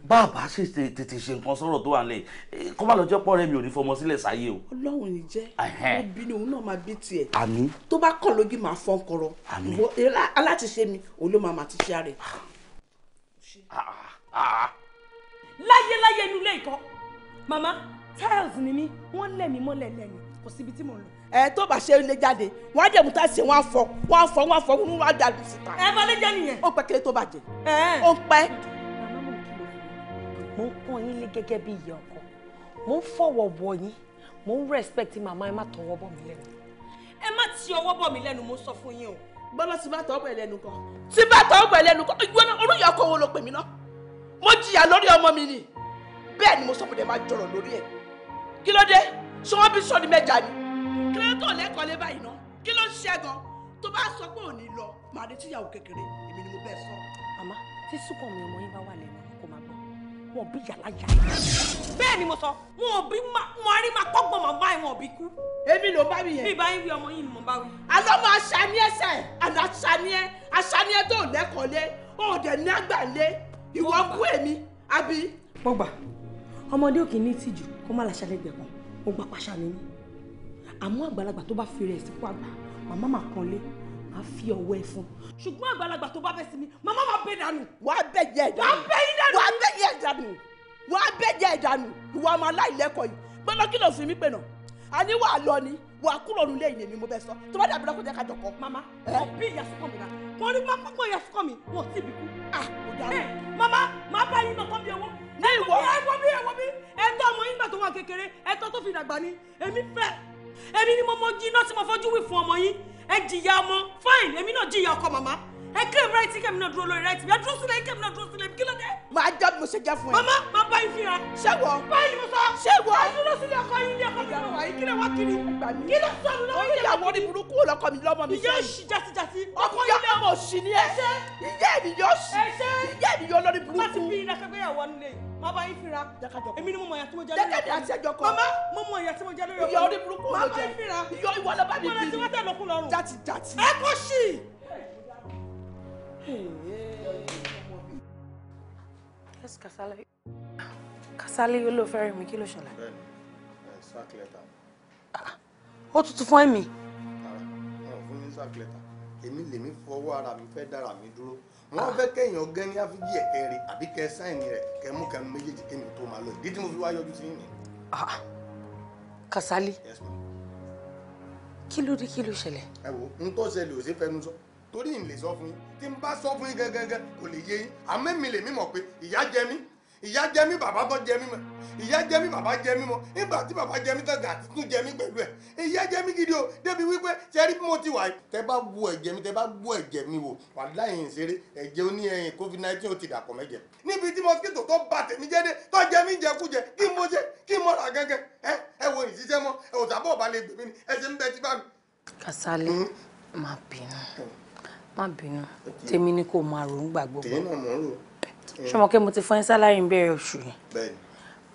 bàbá ṣe tètè ṣe nǹkan sọ̀rọ̀ tó wà ń lẹ̀ kó má lọ jẹ́ pọ́ rẹ mi ò ní fọmọ sílẹ̀ sáyé o. ọlọ́run ní jẹ́ obìnrin òun náà máa bí tiẹ̀ àmín tó bá kàn lójú máa fọ́n kọrọ àmín aláti ṣe mi òun ló máa máa ti ṣe ara rẹ̀. Ah, ah, ah. láyé láyé inú ilé ìkọ́ màmá tiles ni mí wọ́n lẹ̀ mí mọ́lẹ̀ lẹ́nu kò síbi tí mò ń ẹ tó bá ṣe lé jáde wọn á dẹ̀ mú tá a ṣe wọn á fọ wọn á fọ wọn á fọ wọn á dàlù síta. ẹ bá lè jẹ nìyẹn. ó pẹ́ kí lè tó bàjẹ́. ó ń pẹ́. mo ń pọ́n yín lé gẹ́gẹ́ bí ìyá ọkọ mo ń fọwọ́ bọ yín mo ń respect màmá ẹ má tọwọ́ bọ̀ mí lẹ́nu. ẹ má ti ọwọ́ bọ̀ mí lẹ́nu mo sọ fún yín o. gbọ́dọ̀ ti bá tọwọ́ bọ̀ lẹ́nu kan ti bá tọwọ́ bọ̀ lẹ́nu kan ìwé olóyè ọkọ wo ló pè mí ná mo jìyà lórí ọmọ mi ni bẹ́ẹ̀ ni mo sọ kí ló tó lẹ́kọ̀ọ́ lé báyìí náà kí ló ń ṣe gan tó bá sọ pé ò ní lọ màá retí ìyàwó kékeré èmi ni mo bẹ́ẹ̀ sọ. màmá tí sùpọ̀ mi ọmọ yín bá wà lẹ́nu kó máa gbọ́ wọn bí yàrá yàrá. bẹ́ẹ̀ ni mo sọ wọn ò bí wọn rí máa kọ́gbọ́n màmá ẹ̀ wọn ò bí kú. èmi ló bá mi yẹn. bíbá yín wí ọmọ yín ni mo bá wí. àlọ́ máa ṣàníẹ́ sẹ̀ àná ṣàníẹ́ aṣàníẹ́ tó lẹ́kọ̀ọ́ lé ọ̀dẹ̀ ní àgbà lé ìwọ kú èmi àbí. mo gbà ọmọdé òkè ní ìtìjú kó má làṣà lẹ́gbẹ̀ẹ́ kan mo gbà pàṣà nínú àmọ́ àgbàlagbà tó bá fi rẹ̀ sípò àgbà màmá mà kàn lé má fi ọwọ́ ẹ fún ṣùgbọ́n àgbàlagbà tó bá fẹ́ sí mi màmá mà bẹ dànù. wàá bẹ jẹ ìdànù wàá bẹ yín dànù wàá bẹ jẹ ìdànù wàá bẹ jẹ ìdànù ìwà ọmọ aláìlẹ́kọ̀ọ́ yìí gbọ́dọ̀ kí ló fi mí pè náà àní wàá lọ ni wàá kúrò nílé ìyẹn mi mo bẹ sọ tó bá dàbí lọ́kọ̀ọ́ jẹ́ ká jọ kọ́. màmá bí ìyá sọ́kọ̀ mi rà mo rí má pọ́pọ́ ìyá sọ́kọ̀ mi wọ́n sì bí kú. màmá má bá yín nǹkan bí owó ní ìwọ. ẹ wọ bí ẹ wọ bí ẹ tọ́ ọmọ yín gbà tó wà èmi ni mo mọ jiná tí mo fojú wí fún ọmọ yín ẹ jìyà ọmọ fine èmi náà jìyà ọkọ màmá ẹ kéèmù ráìtì kéèmù náà dúró lórí ráìtì mi ẹ dúró sílẹ̀ kéèmù náà dúró sílẹ̀ kí ló dé. màá já mo ṣe já fún ẹ. màmá màá bá yín fira. ṣé wọ. báyìí mo sọ. ṣé wọ. ẹ dúró sílẹ̀ ọkọ yín ní ọkọ mi lọ́wọ́ yìí kí lè wá kiri. kí lè sọ mi lọ́wọ́ yìí. oníyàwó ni burúkú lọkọ mi lọ́mọ mi sọ. ìyá òsì jásíjásí. ọkọ yìí lè mọ̀ òsì ni ẹ. ìyá ènìyàn òsì. ìyá ènìyàn olórí burúkú má bá yín fira èmi ni mo mọ ìyà tí mo jẹ lórí ọkọ jẹ́kẹ̀dẹ̀ àṣẹjọkọ mama mo mọ ìyà tí mo jẹ lórí ọkọ ìyọrí burúkú ló jẹ má bá yín fira ìyọ ìwọ lọ bá mi bí mi jàtì jàtì ẹ kò sí. yes Kasali Kasali olóòfẹ́ rẹ̀ mi kí ló ṣẹlẹ̀. Ah, ó tutù fún ẹ̀mí. fún mi sáà kìlẹ̀ta èmi lèmi fọwọ́ ara mi fẹ́ dára mi dúró wọ́n fẹ́ kẹ́yìn ọ̀gẹ́ ní áfíjì ẹ̀kẹ́ rẹ̀ àbí kẹ́ sáìnì rẹ̀ kẹ́ mú kẹ́nu méjèèjì kémi tó máa lọ ìdí tí mo fi wá yọjú sí yìnyín. Ah, ah. Kasali kí ló dé kí ló ṣẹlẹ̀. ẹ wo n tó ṣẹlẹ̀ ò sí fẹnu sọ torí n lè sọ fún yín tí n bá sọ fún yín gẹ́gẹ́gẹ́ kò lè yé yín àmọ́ mi lè mímọ̀ pé ìyá jẹ mí ìyá jẹ mí bàbá bọ́ jẹ mí mọ́ ìyá jẹ mí bàbá jẹ mí mọ́ nígbà tí bàbá jẹ mí tán gàtí tún jẹ mí pẹ̀lú ẹ̀ ìyá jẹ mí gidi o débi wípé ṣe rí bí mo ti wà yìí tẹ bá wo ẹ̀jẹ̀ mi tẹ bá wo ẹ̀jẹ̀ mi wò wà láyìn ìṣeré ẹ̀jẹ̀ oní ẹ̀yìn covid nineteen ó ti dàpọ̀ mẹ́jẹ̀ níbi tí mosquito tó bà tèmi jẹ́ dé tó jẹ mí jẹkújẹ kí mo ṣe kí mo rà gẹ́gẹ́ ẹ ẹ wo ìṣiṣẹ́ mọ́ ẹ ò sábọ̀ ọ̀bá lè gbèmí ni ẹ ṣe ń bẹ tí bá mi. Kasali hmm? Eh. ṣọmọ pé mo ti fún ẹ sálárì ń bẹ̀rẹ̀ oṣù yẹn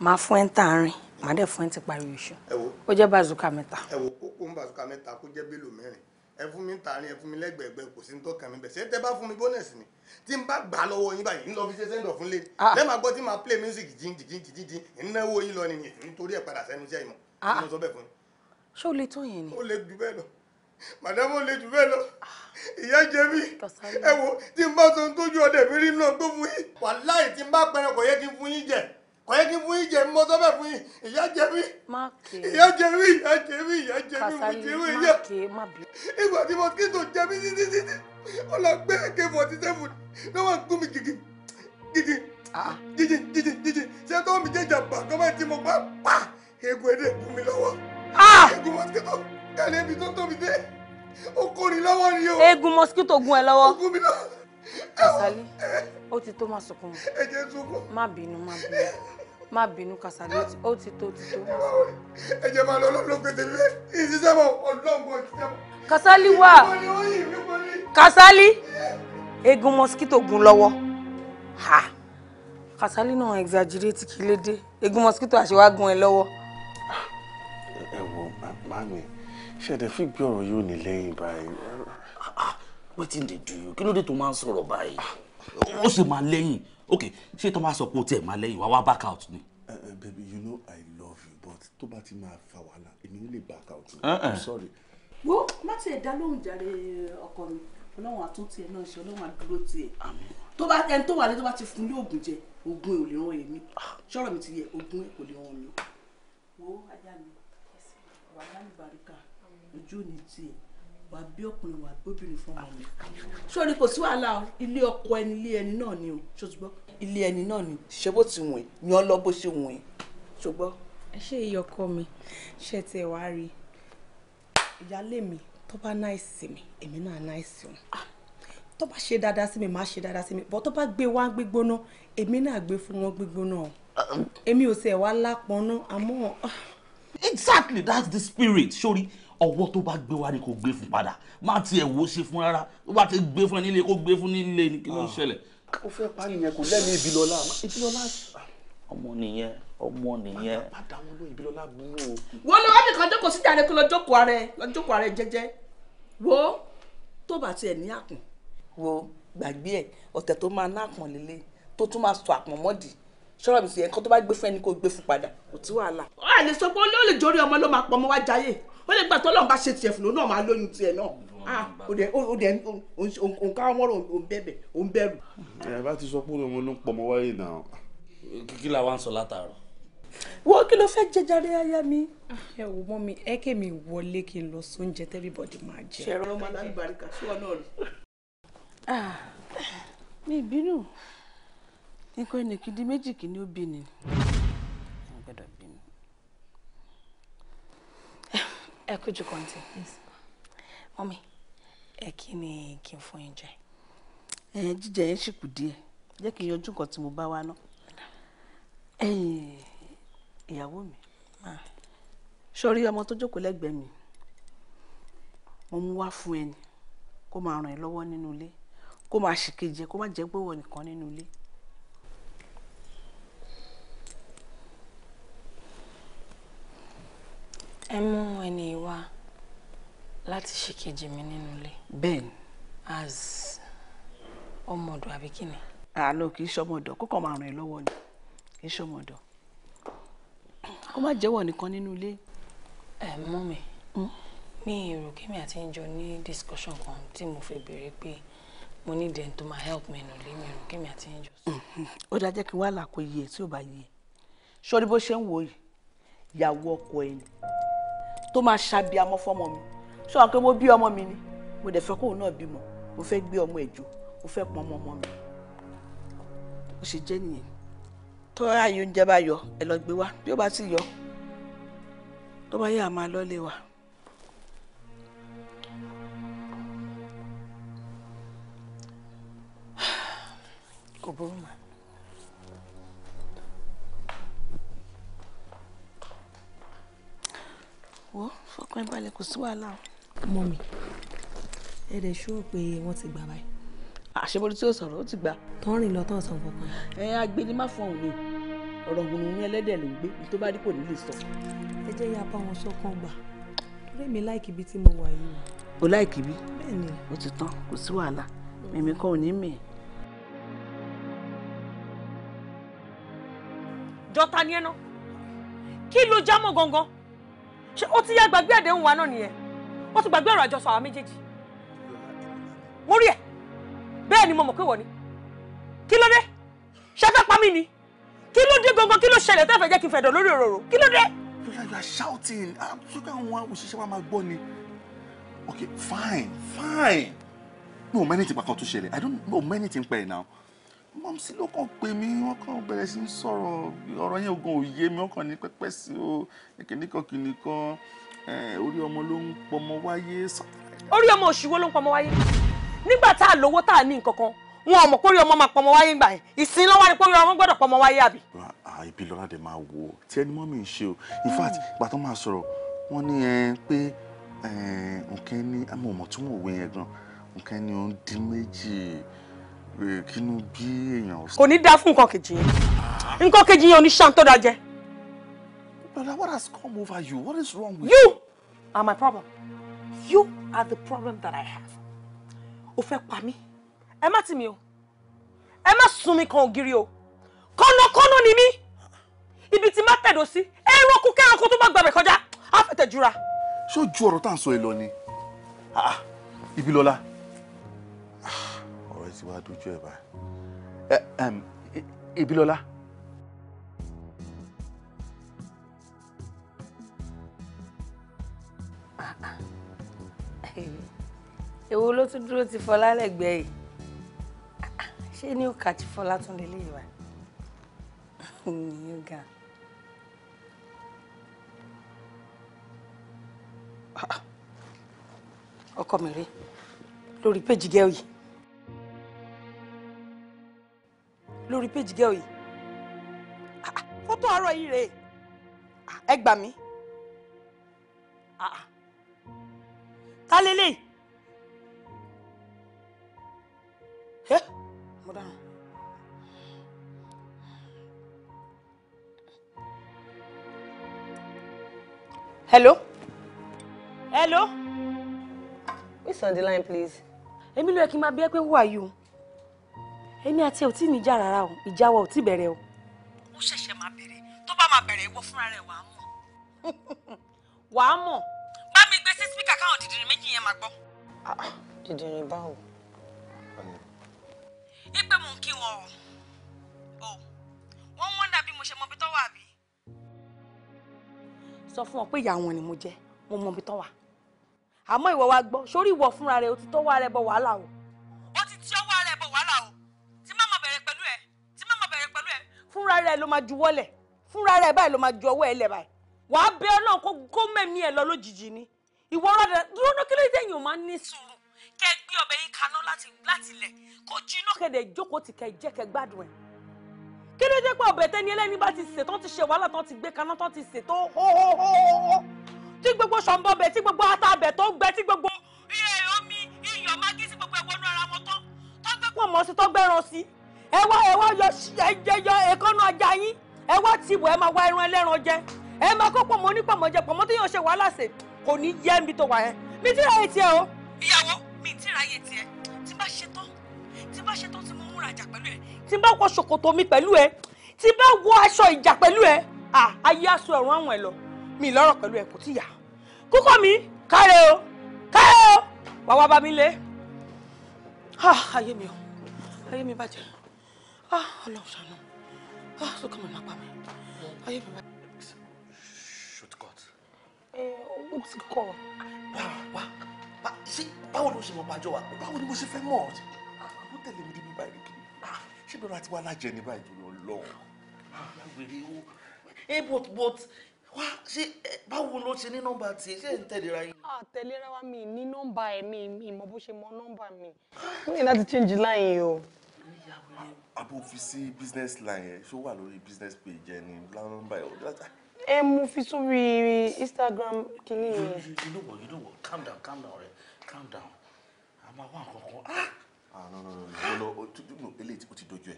máa fún ẹ ń tààrin màá dẹ̀ fún ẹ ti parí oṣù ó jẹ́ bàzúkà mẹ́ta. ẹ wo kókó ń bàzúkà mẹ́ta kó jẹ́ bélò mẹ́rin ẹ fún mi ń tààrin ẹ fún mi lẹ́gbẹ̀ẹ́gbẹ́ kò sí ní tó kàn mí bẹ̀ ṣé tẹ bá fún mi bónẹ̀sì ni tí n bá gbà lọ́wọ́ yín báyìí ń lọ fi ṣe sẹ́ńdọ̀ fún lé ah. lẹ́màá gbọ́ tí màá play music jìnjìnjìnjìn ìnáwó yín lọ nìyẹn nítorí ẹ̀ padà sẹ́nu iṣẹ́ ìmọ̀ ah. ṣé o lè tó yẹn ni. ó lè jù bẹ́ẹ̀ lọ màdàmú ó lè jù bẹ́ẹ̀ lọ. Ah ìyá jẹ mí ẹ wo tí n bá sọ ń tójú ọdẹ mi rí náà tó fún yín wàláì tí n bá pẹrẹ kò yẹ kí n fún yín jẹ kò yẹ kí n fún yín jẹ mọ sọfẹ fún yín ìyá jẹ mí ìyá jẹ mí ìyá jẹ mí ìyá jẹ mí mo ti rí ìyá ìgbà tí mosquito jẹ mí títí títí ó lọ gbé ak forty seven lọ́wọ́ ń gún mi gidi gidi ah. gidi gidi gidi ṣé tó mi jẹ jàmbá gọ́mọ̀ tí mo gbà pa egun ẹ̀dẹ̀ gún mi lọ́wọ́ ah! egun mosquito kálí ẹbí tó tóbi dé. Okun ni lọ́wọ́ ni o. Eegun mosquito gun ẹ lọ́wọ́. Okun mi lọ́wọ́. Kasali, o ti tó máa sunkún. Ẹ jẹ́ sunkún. Má bínú, má bínú. Má bínú Kasali, ó ti tó, ó ti tó. Ẹ jẹ́ máa lọ lọ́dún pété mi lẹ́. Ìṣiṣẹ́ mọ̀, ọ̀dọ́gbọ̀n ìṣiṣẹ́ mọ̀. Kasali wà. Kasali, eegun mosquito gun lọ́wọ́. Ha! Kasali náà exaggerate kí lédè. Eegun mosquito àṣewá gun ẹ lọ́wọ́. Ẹ wo, máa mi ṣẹ̀dẹ̀ fi gbé ọ̀rọ̀ yóò ní lẹ́yìn báyìí. wetin dey do you kí ló dé tó máa ń sọ̀rọ̀ báyìí ó sì máa lẹ́yìn ok ṣé tó máa sọ pé ó tiẹ̀ máa lẹ́yìn wá wá back out ni. Eh, eh, baby you know i love you but tó bá ti máa fa wàhálà èmi ò lè back out eh, i'm sorry. wo má tiẹ̀ dá lóhùn jàre ọkọ mi ọlọ́run àtúntì ẹ̀ náà ṣe ọlọ́run àdúró tiẹ̀ tó bá ẹni tó wà ní tó bá ti fún ní oògùn jẹ oògùn ò lè ràn èmi ṣọ́rọ̀ mi ti yẹ oògùn ò lè ràn mi wo ajá mi wàhálà mi bàríkà ojú ò ní tiẹ̀ wàá bí ọkùnrin wàá bí obìnrin fún ọmọ mi. sórí kò sí wàhálà o ilé ọkọ ẹni ilé ẹni náà ni o ṣòṣùgbọ́. ilé ẹni náà ni ṣé bó ti wùn ni ọ lọ bó ṣe wùn ẹ ṣògbọ́. ẹ ṣe ìyọkọ mi ṣe tiẹ̀ wá rí ìyáálé mi tó bá náìsì mi èmi náà náìsì o ah, tó bá ṣe dáadáa sí mi má ṣe dáadáa sí mi bọ́ tó bá gbé wá gbígbóná èmi náà gbé fún wọn gbígbóná ah, ah. èmi ò sẹ̀ wá lápọn náà àmọ́. exactly that's the spirit sori ọwọ́ tó bá gbé wá ni kò gbé fún padà má tiẹ̀ wo ṣe fún rárá tó bá ti gbé fún nílé kó gbé fún nílé ni kí ló ń ah. ṣẹlẹ̀. ó fẹ́ pa nìyẹn kò lẹ́nu ìbílọ́lá ìbílọ́lá ọmọ nìyẹn ọmọ nìyẹn. padà wọn ló ìbílọ́lá burú o. wọ́n lọ wá mi kan jókòó sí jàre kó lọ jókòó ara ẹ lọ jókòó ara ẹ jẹ́jẹ́ wo tó bá tiẹ̀ ní àkùn. wo gbàgbé ẹ ọ̀tẹ̀ tó máa ná àpọ̀n lélẹ̀ tó tún máa sọ àpọ̀n mọ́dì ṣọ́rọ̀ mi sì yẹn kó tó bá gbé fún ẹni kó gbé fún padà kò tí wàhálà. ó àlè sọ pé ó lè jórí ọmọ ló máa pọ̀ mọ́ wá jayé ó lè gbà tó lọ́n bá ṣe tiẹ̀ fún un náà máa lóyún tiẹ̀ náà ah o dẹ o dẹ nǹkan ọmọrò ò o bẹ̀bẹ̀ o ń bẹ̀rù. ẹ bá ti sọ pé o ló ń pọmọ wáyé náà. kí la wá ń sọ látàárọ̀. wo kí ló fẹ́ jẹ jàre aya mi. Ah, ẹ wò mọ mi ẹ kẹ́ mi wọlé kí n lọ sóúnjẹ tẹ́lifọ̀dì máa jẹ. ṣẹ̀rọ ọmọ alágbàríkà sí ọ náà rẹ. Ah, mi ìbínú nǹkan ẹnìkìdí méjì kìíní ó bí ni ẹ kú jù kọ́ńtì mọ́mí ẹ kí ni kí n fún yín jẹ. ẹ jíjẹ yẹn ṣì kù díẹ̀ jẹ́ kí n yanjú nǹkan tí mo bá wá ná. ìyàwó mi sọrí ọmọ tó jókòó lẹ́gbẹ̀ẹ́ mi mo mú wá fún ẹni kó máa ràn ẹ́ lọ́wọ́ nínú ilé kó máa ṣìkejì ẹ kó má jẹ́ pé nìkan nínú ilé ẹ mú ẹni wá láti ṣe kejì mi nínú ilé. bẹ́ẹ̀ni. as ọmọdọ àbí kí ni. àlọ kì í ṣọmọdọ kókò máa ràn ẹ́ lọ́wọ́ ni kì í ṣọmọdọ kó má jẹ́wọ́ nìkan nínú ilé. ẹ mú hmm? mi ní èrò kémi àti ìjọ ní discussion kan tí mo fẹ́ béèrè pé mo ní dẹ̀ tó máa help mi nù lé mi èrò kémi àti ìjọ. ó dáa jẹ́ kí wàhálà kò yẹ e tí ò bá yẹ e. sọ́ni bó ṣe ń wò yìí ìyàwó ọkọ ẹ̀ ni tó máa ṣàbí amọ́ fọmọ mi ṣé wọn pé mo bí ọmọ mi ni mo dẹ̀ fẹ́ kóun náà bímọ mo fẹ́ gbé ọmọ ẹ̀jọ́ mo fẹ́ pọn ọmọ ọmọ mi ó ṣe jẹ́ nìyẹn tó ààyè oúnjẹ bá yọ ẹ lọ gbé wá bí ó bá sì yọ tó bá yẹ àmà lọ́lé wa. kò burú mà wo fọkàn ìbalẹ̀ kò sí wàhálà o. mọ mi ẹ dẹ̀ ṣó pé wọ́n ti gbà báyìí. àṣebọ́lú tí ó sọ̀rọ̀ ó ti gbà. tán rìn lọ tán sàn kankan. ẹ agbeni má fọ òun ni ọ̀rọ̀ òun ní ẹlẹ́dẹ̀ ló ń gbé ní tó bá dípò nílé sọ. ẹ jẹ́ yá bá wọn sọ́kàn gbà torí mi láìkì ibi tí mo wà yìí. o láìkì ibi. bẹ́ẹ̀ni. o ti tán kò sí wàhálà mímí kan ò ní mì. jọta ni ẹ ná kí ló já mọ́ gangan ṣé ó ti yá gbàgbé àdéhùn wa náà nìyẹn ó ti gbàgbé ọ̀rọ̀ àjọsọ àwa méjèèjì mo rí ẹ bẹ́ẹ̀ ni mo mọ̀ pé wọ̀ ni kí ló dé ṣe fẹ́ pa mí ni kí ló dé gangan kí ló ṣẹlẹ̀ tẹ́ fẹ́ kí n fẹ̀dọ̀ lórí òróró kí ló dé. you are shouting I'm sure káwọn òṣìṣẹ́ wa máa gbọ́ ni okay fine fine No, many things anything pa kan tó ṣẹlẹ̀ I don't know many things pa now mọ̀mísí ló kàn pè mí wọ́n kàn bẹ̀rẹ̀ sí í sọ̀rọ̀ ọ̀rọ̀ yẹn ogun ò yé mi wọ́n kàn ní pẹ́pẹ́ sí o kìnìkan kìnìkan orí ọmọ ló ń pọmọ wáyé. orí ọmọ òṣìwò ló ń pọmọ wáyé nígbà tá a lówó tá a ní nǹkan kan wọn ò mọ̀ pé orí ọmọ máa pọmọ wáyé ńgbà yẹn ìsìn lọ́wọ́ ni pé orí ọmọ gbọ́dọ̀ pọmọ wáyé àbí. ibi lọ́la dẹ̀ máa wò ó tí ẹni mọ́ mi ń ṣe o in fact ìgbà tó máa sọ̀rọ̀ wọ́n ní ẹ pé nǹkan ní àmọ́ ọmọ tó mọ̀ wé yẹn gan nǹkan ní ó ń dín méjì kínú bí èèyàn. kò ní dá fún nǹkan kejì yẹn nǹkan kejì yẹn oníṣàn tó dáa brother what has come over you what is wrong with you. you are my problem you are the problem that i have. o fẹ́ pa mí ẹ má tì mí o ẹ má sun mi kan ògiri o kọ́nàkọ́nà ni mí ibi tí má tẹ̀dọ̀ sí ẹranko kẹranko tó bá gbàgbẹ́ kọjá á fẹ̀tẹ̀ jura. ṣó ju ọ̀rọ̀ tá à ń sọ yìí lọ ni ah, ah, ibi lọ́la ti wá dójú ẹ̀ báyìí ìbílọ́lá. èwo ló tún dúró ti fọlá lẹ́gbẹ̀ẹ́ yìí ṣé ní òkà tí fọlá tún lè lè wá yoga. ọkọ mi rí lórí péjì gẹ́ọ̀ yìí. lórí péjì gẹ́ọ̀ yìí fọ́tò ah, ah, àárọ̀ yìí rèé ah, ẹ gbà mí ta lélẹ̀ hello hello. wait on the line please. èmi ló yẹ ẹ pé who are you èmi àti ẹ ò tí ì níjà rárá o ìjà wa ò tí ì bẹ̀rẹ̀ o. ó ṣẹ̀ṣẹ̀ máa bẹ̀rẹ̀ tó bá máa bẹ̀rẹ̀ ìwọ fúnra rẹ̀ wàá mọ̀. wàá mọ̀. bá mi gbé sí spíkà káwọn dìdìrín méjì yẹn máa gbọ́. Ah, dìdìrín báwo. ipe mò ń kí wọn o wọn oh, wọ́n dàbí mo ṣe mọ ibi tó wà bí. sọ fún wọn pé ìyá wọn ni mo jẹ mo mọ ibi tó wà àmọ́ ìwọ wa gbọ́ sórí ìwọ fúnra rẹ̀ o ti tọ́wọ́ rẹ̀ bọ wàhálà o. fúnra rẹ̀ ló máa juwọ́lẹ̀ fúnra rẹ̀ báyìí ló máa ju ọwọ́ ẹ̀ lẹ̀ báyìí wàá bẹ ọ náà kó gómẹ̀mí ẹ̀ lọ lójijì ni ìwọ ọlọ́dẹ dúró náà kí ló máa ń ní sùúrù kẹ́ ẹ gbé ọbẹ̀ yín kaná láti lẹ̀ kó jiná. kéde jókòó ti kẹ jẹ́ kẹ gbádùn ẹ̀ kí ló dé pé ọbẹ̀ tẹ́ni ẹlẹ́ni bá ti sè tán ti ṣe wàhálà tán ti gbé kaná tán ti sè tó hóhóhóhó tí gbogbo ṣọ̀nbọ̀ bẹ̀ tí gbogbo ata bẹ̀ tó gbẹ tí gbogbo iye omi iyọ̀ mágí sí gbogbo ẹ̀wọ̀nú ara wọn tán tọ́gbẹ́. wọ́n mọ̀ sí tọ́gbẹ́ rán sí ẹ wá ẹ wá yọ ẹ yọ èkánná ajá yín ẹ wá tìbò ẹ máa wá ẹran ẹlẹ́ran jẹ ẹ máa kó pọ̀mọ́ ní pọ̀mọ́ jẹ pọ̀mọ́ tó yàn ṣe wàhálà ṣe kò ní yẹ mi tó wà ẹ mi ti ráyè tiẹ o. ìyàwó mi ti ráyè tiẹ tí bá ṣe tán tí bá ṣe tán tí mo múra ìjà pẹ̀lú ẹ. tí bá wọ ṣòkòtò mi pẹ̀lú ẹ tí bá wọ aṣọ ìjà pẹ̀lú ẹ à ayé aṣọ ẹ̀rùn àwọn ẹ̀ lọ mi lọ́rọ̀ pẹ̀lú ẹ kò tí yà kókó mi kárẹ̀ o kárẹ̀ o wàá wá bá mi lé ayé mi o ayé mi bàjẹ́ ah ọlọ́run ṣàánú ah sókè màmá pa mi ayé mi bá. shoot cut. ẹ o ti kọ. wá wá wá ṣé báwo ló ṣe mọ pàjọ wa báwo ni mo ṣe fẹ́ mọ̀ ọ́ mo tẹ̀lé mi débi báyìí kí ṣé bẹ́ẹ̀ láti wá lájẹ ní báyìí long. ọlọ́run. àgbèrè o ẹ bọ̀t bọ̀t wá ṣé báwo ló ṣe ní nọ́mbà tiẹ̀ ṣé ń tẹ̀léra yín. a tẹ̀léra wa mi ní nọ́mbà ẹ̀ mi mi mọ bó ṣe mọ nọ́mbà mi mi ní láti change line yìí o. ìyàwó yẹn abo fi sí business line ẹ ṣó wà lórí business page ẹ ní nọ́mbà ẹ ọdún àtà. ẹ mo fi sórí Instagram kìíní yẹn. you know what you know what calm down calm down ọ̀rẹ́ calm down a máa wá nǹkan ah! ah no no no no no no eléyìí o ti dojú ẹ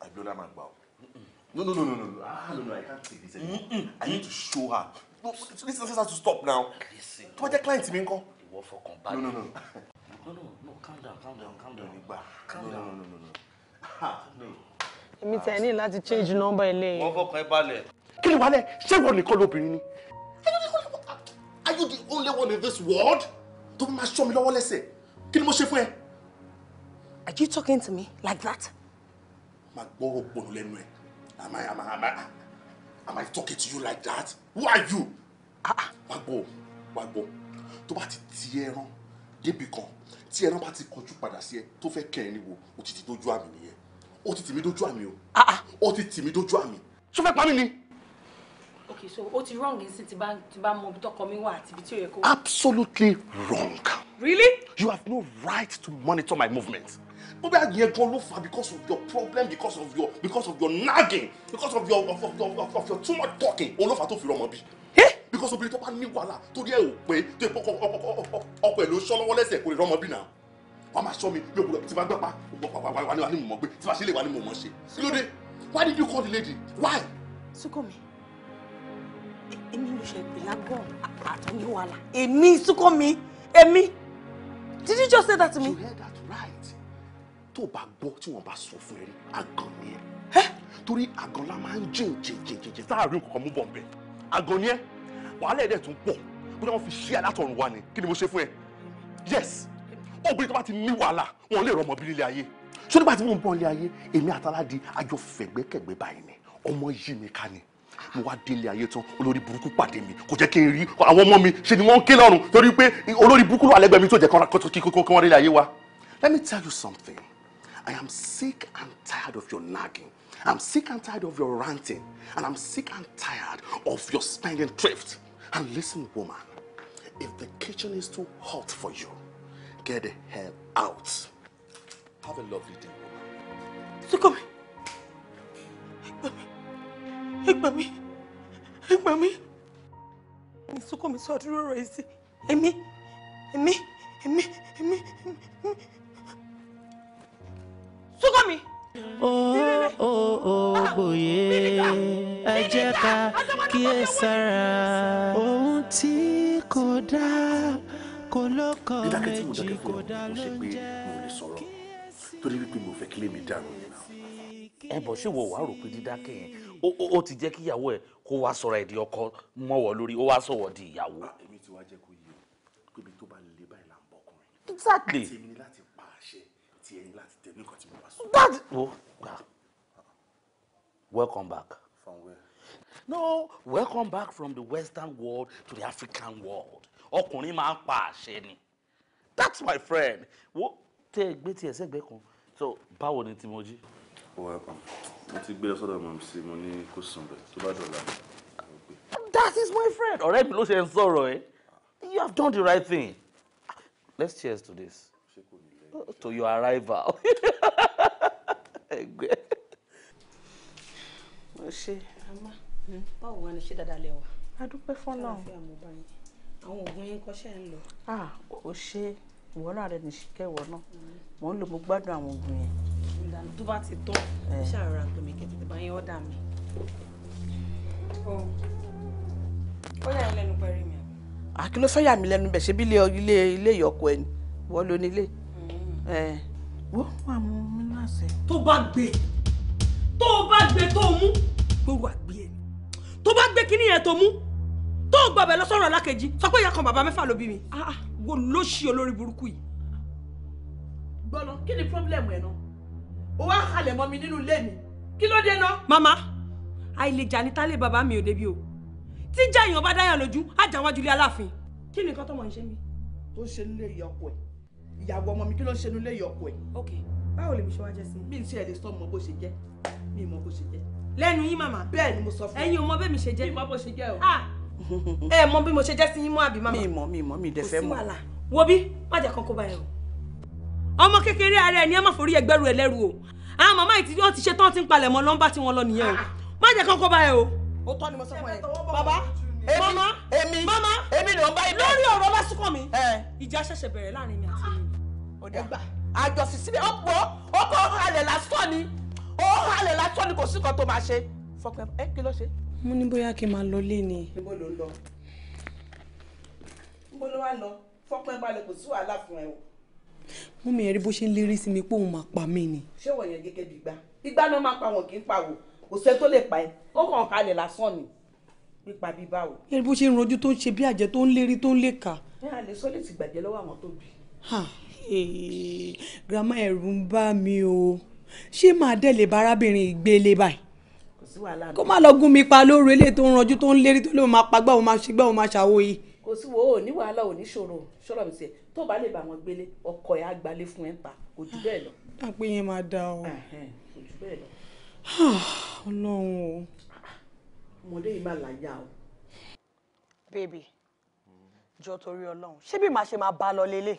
Abiola máa gbà ọ. No, no, no, no, no, Ah, no, no, I can't take this anymore. I need to show her. No, this is has to stop now. Listen. To your client, mi ńkọ́. Ìwọ fọkàn balẹ̀. No, no, no. no, no, no. Calm down, calm down, calm down. Calm down. No, no, no, no, no èmi tẹ̀ ní láti change number ilé yìí. wọ́n fọkàn ẹ balẹ̀. kí ni wàhálẹ̀ ṣé nìkan lóbìnrin ni. are you the only one in this world tó máa ṣọ́ mi lọ́wọ́ lẹ́sẹ̀ kí ni mo ṣe fún ẹ. are you talking to me like that. máa gbọ́rọ̀ gbòòrò lẹ́nu ẹ̀ am I am I am I am I talking to you like that who are you. Ah, ah. wàá gbọ́ wàá gbọ́ tó bá ti ti ẹran débì kan tí ẹran bá ti kọjú padà sí ẹ tó fẹ́ kẹrin wo òtítí tó ju àmì nìyẹn ó ti tì dójú àmì o ah, ah. ó ti tì dójú àmì. ṣó fẹ́ pa mí ni. ok so ó ti wrong in sin ti bá ti bá mọ tọkọ mi wá àti ibi tí ó yẹ kó. absolutely wrong. really. you have no right to monitor my movement. bóbá yẹn gan ló fà because of your problem because of your because of your nagging because of your of, of, of, of your too much talking òun ló fà tó fi rọmọ bí because obìnrin tó bá ní wàhálà torí ẹ ò pé tó ẹ pọkọ ọkọ ẹ ló ṣọ lọ́wọ́ lẹ́sẹ̀ kò lè rọmọ bí náà wọ́n máa sọ mi bí òkúrò tí wọ́n gbà pa wà ní wà ní mọ̀ pé tí wọ́n ṣe lè wà ní mọ̀ ṣe kí why did you call the lady why. Sukomi Emi ló ṣe ìpè lágbọ́n àtọ́ni wàhálà èmi Sukomi èmi did you just say that to me. you heard that right tó o bá gbọ́ tí wọ́n bá sọ fún ẹ rí àgàn ni ẹ torí àgàn la máa ń jìn jìn jìn jìn jìn sáàárín nǹkan mú bọ̀ ń bẹ̀ àgàn ni ẹ wàhálà ẹ̀dẹ̀ tún pọ̀ bóyá wọ́n fi ṣí alátọ̀run wa ni kí ni mo ṣe fún ẹ yes obìnrin tó bá ti ní wàhálà wọn lè rọmọ bílẹ̀ ayé so nígbà tí mò ń bọ̀ ilé ayé èmi àtàládì àjọ fẹ̀gbẹ́kẹ̀gbẹ́ báyìí ni ọmọ yìí mi ká ni mo wá délé ayé tán olórí burúkú pàdé mi kò jẹ́ kí n rí àwọn ọmọ mi ṣe ni wọ́n ń ké lọ́rùn torí pé olórí burúkú wà mi tó jẹ́ kí wọ́n délé ayé wa. let me tell you something i am sick and tired of your nagging i'm sick and tired of your ranting and i'm sick and tired of your spending thrift and listen woman if the kitchen is too hot for you get the hell out. Have a lovely day, woman. So come. Ẹ gbà mí. Ẹ gbà mí. Ní sọ́kọ́ mi sọ àdúrà rẹ̀ sí. Èmi. Èmi. Èmi. Èmi. Sọ́kọ́ mi. Ó ó oh, oh, oh ah! bòye ẹ jẹ́ ká kíyèsára ohun tí kò kólókọ méjì kò dá ló ń jẹ́ torí wípé mo fẹ́ kílé mi dànù yìí náà. ẹ bọ̀ ṣé wo wàá rò pé dídákẹ́ yẹn ó ti jẹ́ kíyàwó ẹ̀ kó wá sọ̀rọ̀ ẹ̀dí ọkọ mọ́wọ́ lórí ó wá sọ̀wọ́ di ìyàwó. Ah, èmi ti wá jẹ́ kó yé pé ibi tó bá lè báyìí là ń bọ̀ ọkùnrin. exactly. tèmi ni láti pa àṣẹ ti ẹyin láti tẹ̀lé nǹkan tí mo bá sọ. that o welcome back. from where. no welcome back from the western world to the african world ọkùnrin máa ń pa àṣẹ ni that's my friend wo tẹ ẹ gbé tiẹ̀ sẹ́gbẹ́ kan so báwo ni Timoji. welcome um, mo ti gbé lọ sọ́dọ̀ mọ̀ sí mo ní kó sùn bẹ̀ tó bá dọ̀la. that is my friend ọ̀rẹ́ mi ló ṣe ń sọ̀rọ̀ ẹ you have done the right thing let's cheers to this oh, to your arrival. ẹgbẹ́. mo ṣe. báwo wá ni ṣé dáadáa lẹ wà. a dúpẹ́ fọ́nà. ṣáà fi àmọ̀ báyìí àwọn oògùn yín kọ́ṣẹ́ ń lò. ah o ṣe ìwọ náà rẹ nìṣí kẹwọ náà mò ń lò mo gbádùn àwọn oògùn yẹn. ìlànà tó bá ti tó ẹ eh. ṣàrọ̀rọ̀ àpè mi kẹ̀tẹ̀ bá yẹn ọ̀dà mi. ó yà ilé ẹnu pẹ̀lú mi. àkí ló fẹ́ yà mí lẹ́nu bẹ̀ ṣe bí ilé ilé ìyọkọ ẹni wọ́n ló nílé. Mm-hmm. Eh, wọ́n máa mú mi láṣẹ. tó bá gbé tó bá gbé tó mú gbogbo àgbé ẹ̀ tó bá gbé kíní yẹn tó mú gbọ́ ọbẹ̀ lọ sọ̀rọ̀ lákejì sọ pé ìyá kan bàbá mẹ́fà ló bí mi ah, ah. wo ló ṣí olórí burúkú yìí. gbọ́nà kí ni pọ́blẹ́mù ẹ̀ náà ó wá halẹ̀ mọ́ mi nínú ilé mi kí ló dé náà. mama àìlèjà ní tálẹ̀ bàbá mi ò débi o tí jẹ́yàn bá dáyàn lójú àjà wájú ilé aláàfin kí ni nǹkan tọmọ ń ṣe mí. tó ṣe nílé ìyá ọkọ ẹ ìyàwó ọmọ mi kí ló ṣe nílé ìyá ọkọ ẹ. ok báwo lèmi ṣe wá jẹ sí. mi n tiẹ̀ lè sọ mọ bó ṣe jẹ́ mi mọ bó ṣe jẹ́. lẹ́nu yín màmá. bẹ́ẹ̀ ni mo sọ fún. ẹ̀yin ò mọ bẹ́ẹ̀ mi ṣe jẹ́. mi mọ bó ṣe jẹ́ o. ah ẹ mọ bí mo ṣe jẹ́ sí yín mọ́ àbí màmá. mi mọ mi mọ mi dẹ fẹ́ mọ. kò sí wàhálà wo bí má jẹ́ kan kó bá yẹn o. ọmọ kékeré ara ẹ ní ẹ má forí ẹgbẹ́rù ẹ lẹ́rù o àwọn màmá yìí tí wọ́n ti ṣe tán ti ń palẹ̀ mọ́ nọ́mbà tí wọ́n lọ nìyẹn o ah, ah. má jẹ́ kan kó bá yẹn o. tọ́ ni mo sọ fún ẹ bàbá mama èmi mama èmi ló ń bá ibẹ̀. lórí ọ̀rọ̀ lásìkò mi ìjà ṣẹ̀ṣẹ̀ bẹ̀rẹ̀ láàrin mi àti mi. ẹgbà àjọsí síbẹ̀ ó pọ̀ ó kọ́ halẹ̀ lásán ni ó halẹ̀ lásán ni kò sí kan tó máa ṣe fọkàn ẹ kí ló ṣe mo ní bóyá kí n máa lọ lé ni. níbo ló ń lọ níbo ló wá lọ fọpẹ́ balẹ̀ kò sí wàhálà fún ẹ o. mú mi ẹ̀rí bó ṣe ń lérí sí mi pé òun máa pa mí ni. ṣé wọ̀ yẹn gẹ́gẹ́ bí gbá gbígbá náà máa pa wọn kì í pa wò kò sẹ́ tó lè pa ẹ́ ó kàn kalẹ̀ lásán ni pípa bíbá o. ẹ̀rí bó ṣe ń rojú tó ń ṣe bí àjẹ́ tó ń lérí tó ń lè kà. ẹ àlè sọ́lẹ̀ ti gbàjẹ́ lọ́wọ́ àwọn tó bì. grandma ẹ̀rù ń bá mi o ṣé màá dẹ̀ bá arábìnrin ìgbélé sí wàhálà. kó má lọ gún mi pa lóru eléyìí tó ń ranjú tó ń lérí tó lóun máa pa gbá máa ṣe gbá máa ṣàwo yìí. kò sí wo ò ní wàhálà ò ní ṣòro ṣọ́rọ̀ mi tiẹ̀ tó bá lè bá wọn gbélé ọkọ ẹ̀ àgbálé fún ẹ̀ ta kò jù bẹ́ẹ̀ lọ. àpè yẹn máa da o. kò jù bẹ́ẹ̀ lọ. ọlọ́run o. ọmọdé yìí máa làyà o. bèbè jọ torí ọlọ́run ṣé bí ṣe máa bá lọ lélẹ̀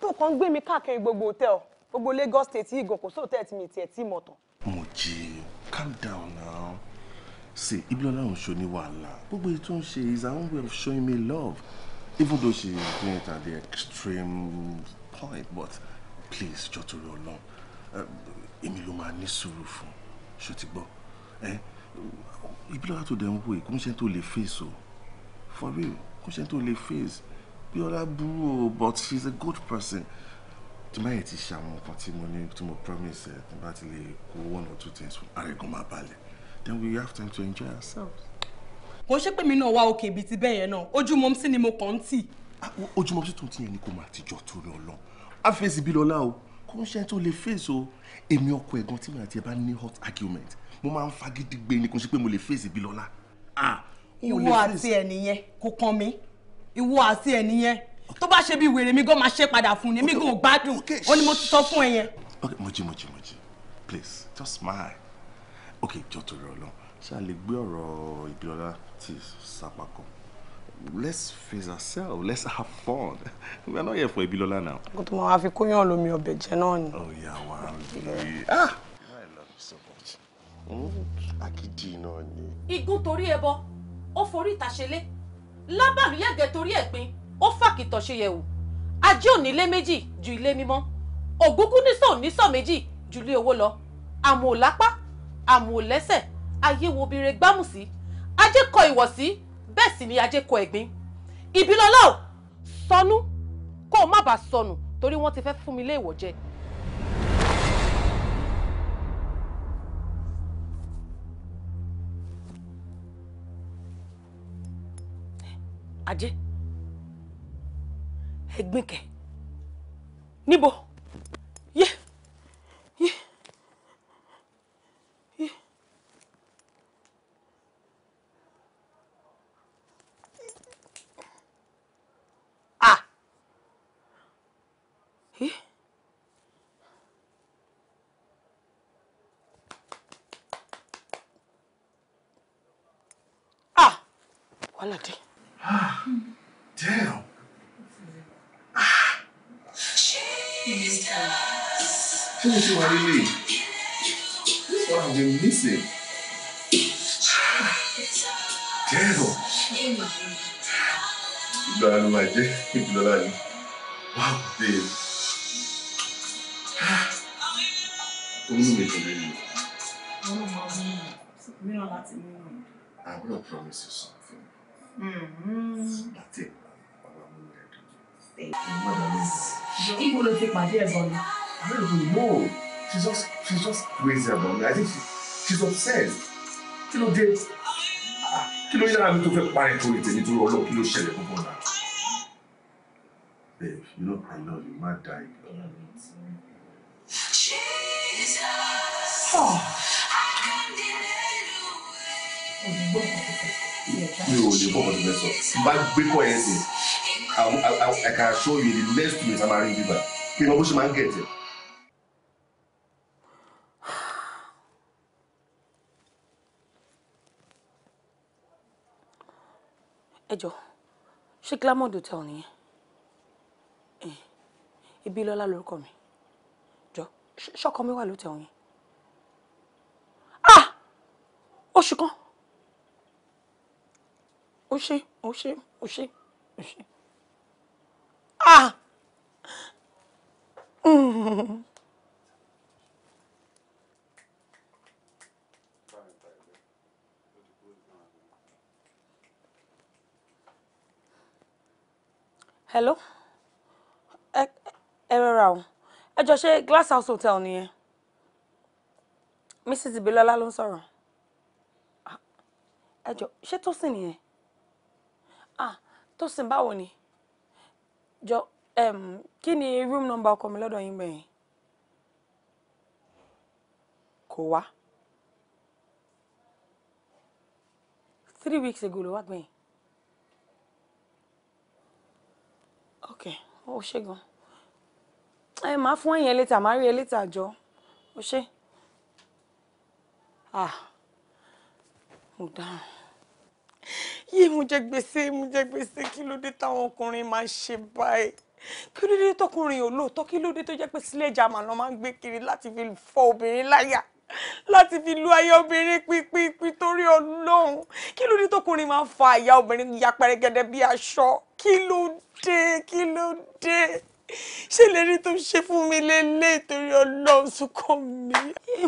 tó kàn ń gbé mi káàkiri gbogbo hòtẹ́ẹ̀lì gbogbo Lagos state yìí kò sóòtẹ́ẹ̀tì mi tiẹ̀ tí mọ̀ tán Deji, calm down now. See, Iblola ń ṣe ní wàhálà. Gbogbo èyí tó ń ṣe is her own way of showing me love. Even though she is doing it at the extreme point, but please, jọ̀ọ́ torí Ọlọ́run. Èmi ló máa ní sùúrù fún. Ṣó ti gbọ́? Iblola tó dẹ̀ ń wò yìí, kò tó lè face o. For real, kò ń ṣe tó lè face. Bíọ́lá burú o, but she is a good person tí máa yẹ ti ṣe àwọn nǹkan tí mo ní tí mo promise ẹ tí bá ti lè kó one or two things fún àrègùn máa balẹ̀ then we have time to enjoy ourselves. kò ṣe pé mi náà wá òkè ibi ti bẹ́ẹ̀ yẹn náà ojú mọ́ sí ni mo kàn ń tì. Ah, ojú mọ́ sí tó ń tì yẹn ni kò máa tijọ́ torí ọlọ́run á fèsì bí lọ́lá o kò ń ṣe tó lè fèsì o èmi ọkọ ẹ̀gbọ́n tí mo àti ẹ̀ bá ní hot argument mo máa ń fagídí gbé ni kò ṣe pé mo lè fèsì bí lọ́lá. Ah, ìwọ àti ẹ̀ nìyẹn kò kàn mí ìwọ àti ẹ̀ nìyẹn tó bá ṣe bí wèrè mi gan máa ṣe padà fún ni mi gan ò gbádùn ó ní mo ti sọ fún ẹ yẹn. ok mojí mojí mojí please just smile ok jọ tó rọ lọ ṣé a lè gbé ọ̀rọ̀ ìbílọ́lá ti sápá let's face ourselves let's have fun we are not here for ìbílọ́lá now. kò tó máa fi kóyàn lómi ọbẹ̀ jẹ náà ni. oh yeah wa really ah i love you so much hmm, akidi náà ni. igun torí ẹbọ ó forí ìtàṣẹlé lábàlúyàgẹ torí ẹ̀gbin ó fàkìtọ̀ ṣe yẹ̀wò ajé ò ní ilé méjì ju ilé mímọ́ ògúngún nísọ̀ nísọ̀ méjì ju ilé owó lọ àmọ́ ò lápá àmọ́ ò lẹ́sẹ̀ ayé wo obìnrin gbámù sí ajé kọ ìwọ̀sí bẹ́ẹ̀ sì ni ajé kọ ẹ̀gbin ìbílọ́lọ́ sọnù kó o má bàa sọnù torí wọ́n ti fẹ́ fún mi lé ìwọ̀ jẹ. ajé ẹ̀gbin kẹ̀ níbo yé yé yé. Ah. Yé. Ah. Wàhálà dé. Ah, damn. Who Finish you, Halili. This one I've been missing. Devil. Ìgbàlá ló máa jẹ́ ìdúlọ́lá ni. Wá òde. Oyún mi dùn lẹ́yìn. Mìíràn láti mìíràn. I'm gonna promise you something. Mm-hmm. That's it. Ọlọ́run ẹ̀dùn. Thank you. Ibo ló ti pàdé ẹ̀ gan I don't even know. She's just she's just crazy about me. I think she, she's obsessed. Kí ló dé? Ah, kí ló yára mi tó fẹ́ parí torí tèmi torí ọlọ́ kí ló ṣẹlẹ̀ púpọ̀ náà? Babe, you know I love you, má da ìgbà. Mi ò lè bọ́ ọdún mẹ́sàn-án. Bá gbé kọ́ ẹ̀ sí. I, can show you the next two minutes I'm marrying you back. Kí ni mo bó ṣe máa ń gẹ̀tẹ̀? Ẹ jọ, ṣé Glamour Hotel nìyẹn? Eh, ibi lọ́lá lorúkọ mi. Jọ, ṣọ́kọ mi wà lóòótọ́ yẹn. Ah! Oṣù kan. Ó ṣe, ó ṣe, ó ṣe, ó ṣe. Ah! Mm. Hello? Ẹ ẹ rọra o. Ẹ Glass House Hotel nìyẹn. Mrs. Ibilola ló ń sọ̀rọ̀. Ah, ẹ jọ nìyẹn? Ah, Tósìn báwo ni? jọ um, kí ni room number ọkọ mi lọ́dọ̀ yín bẹ̀yìn kò wá three weeks ago ló wá gbẹ̀yìn ok ó ṣe gan ẹ máa fún ẹ̀yìn ẹlẹ́tà máa rí ẹlẹ́tà jọ ó ṣe ah mo dáhùn yé mo jẹ gbèsè mo jẹ gbèsè kí ló dé táwọn ọkùnrin máa ń ṣe báyìí kí ló dé tọkùnrin ò lóòótọ́ kí ló dé tó jẹ́ pé sílẹ̀ jàmà lọ́ máa ń gbé kiri láti fi fọ obìnrin láyà láti fi lu ayé obìnrin pípípí torí ọlọ́run kí ló dé tọkùnrin máa ń fa àyà obìnrin ya pẹrẹgẹdẹ bí aṣọ kí ló dé kí ló dé ṣé lè rí tó ṣe fún mi lélẹ̀ torí ọlọ́run sunkún mi.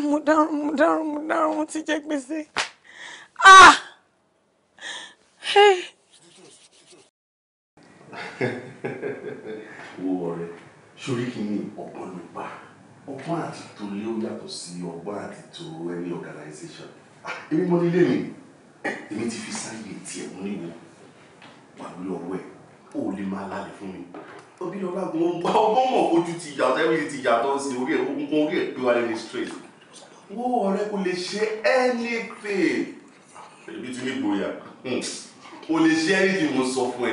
mo dárùn mo dárùn mo dárùn mo ti jẹ gbèsè. ah wo ọ̀rẹ́ sórí kìíní ọgbọ́n ló bá ọgbọ́n àti tolé ó yàtọ̀ sí ọgbọ́n àti tó any organization ah, èmi mọ nílé mi eh, èmi ti fi sáyé tiẹ̀ mú níwò pàlú ọwọ́ ẹ̀ ó lè máa lálẹ́ fún mi òbí lọ́la gun ọgbà ọgbọ́n mọ̀ ojú ti ìjà ọ̀tẹ́ mi ti ìjà tó ń sin orí ẹ̀ ogun orí ẹ̀ pé wà lẹ́nu straight wo ọ̀rẹ́ kò o lè ṣe anything mo sọ fún ẹ.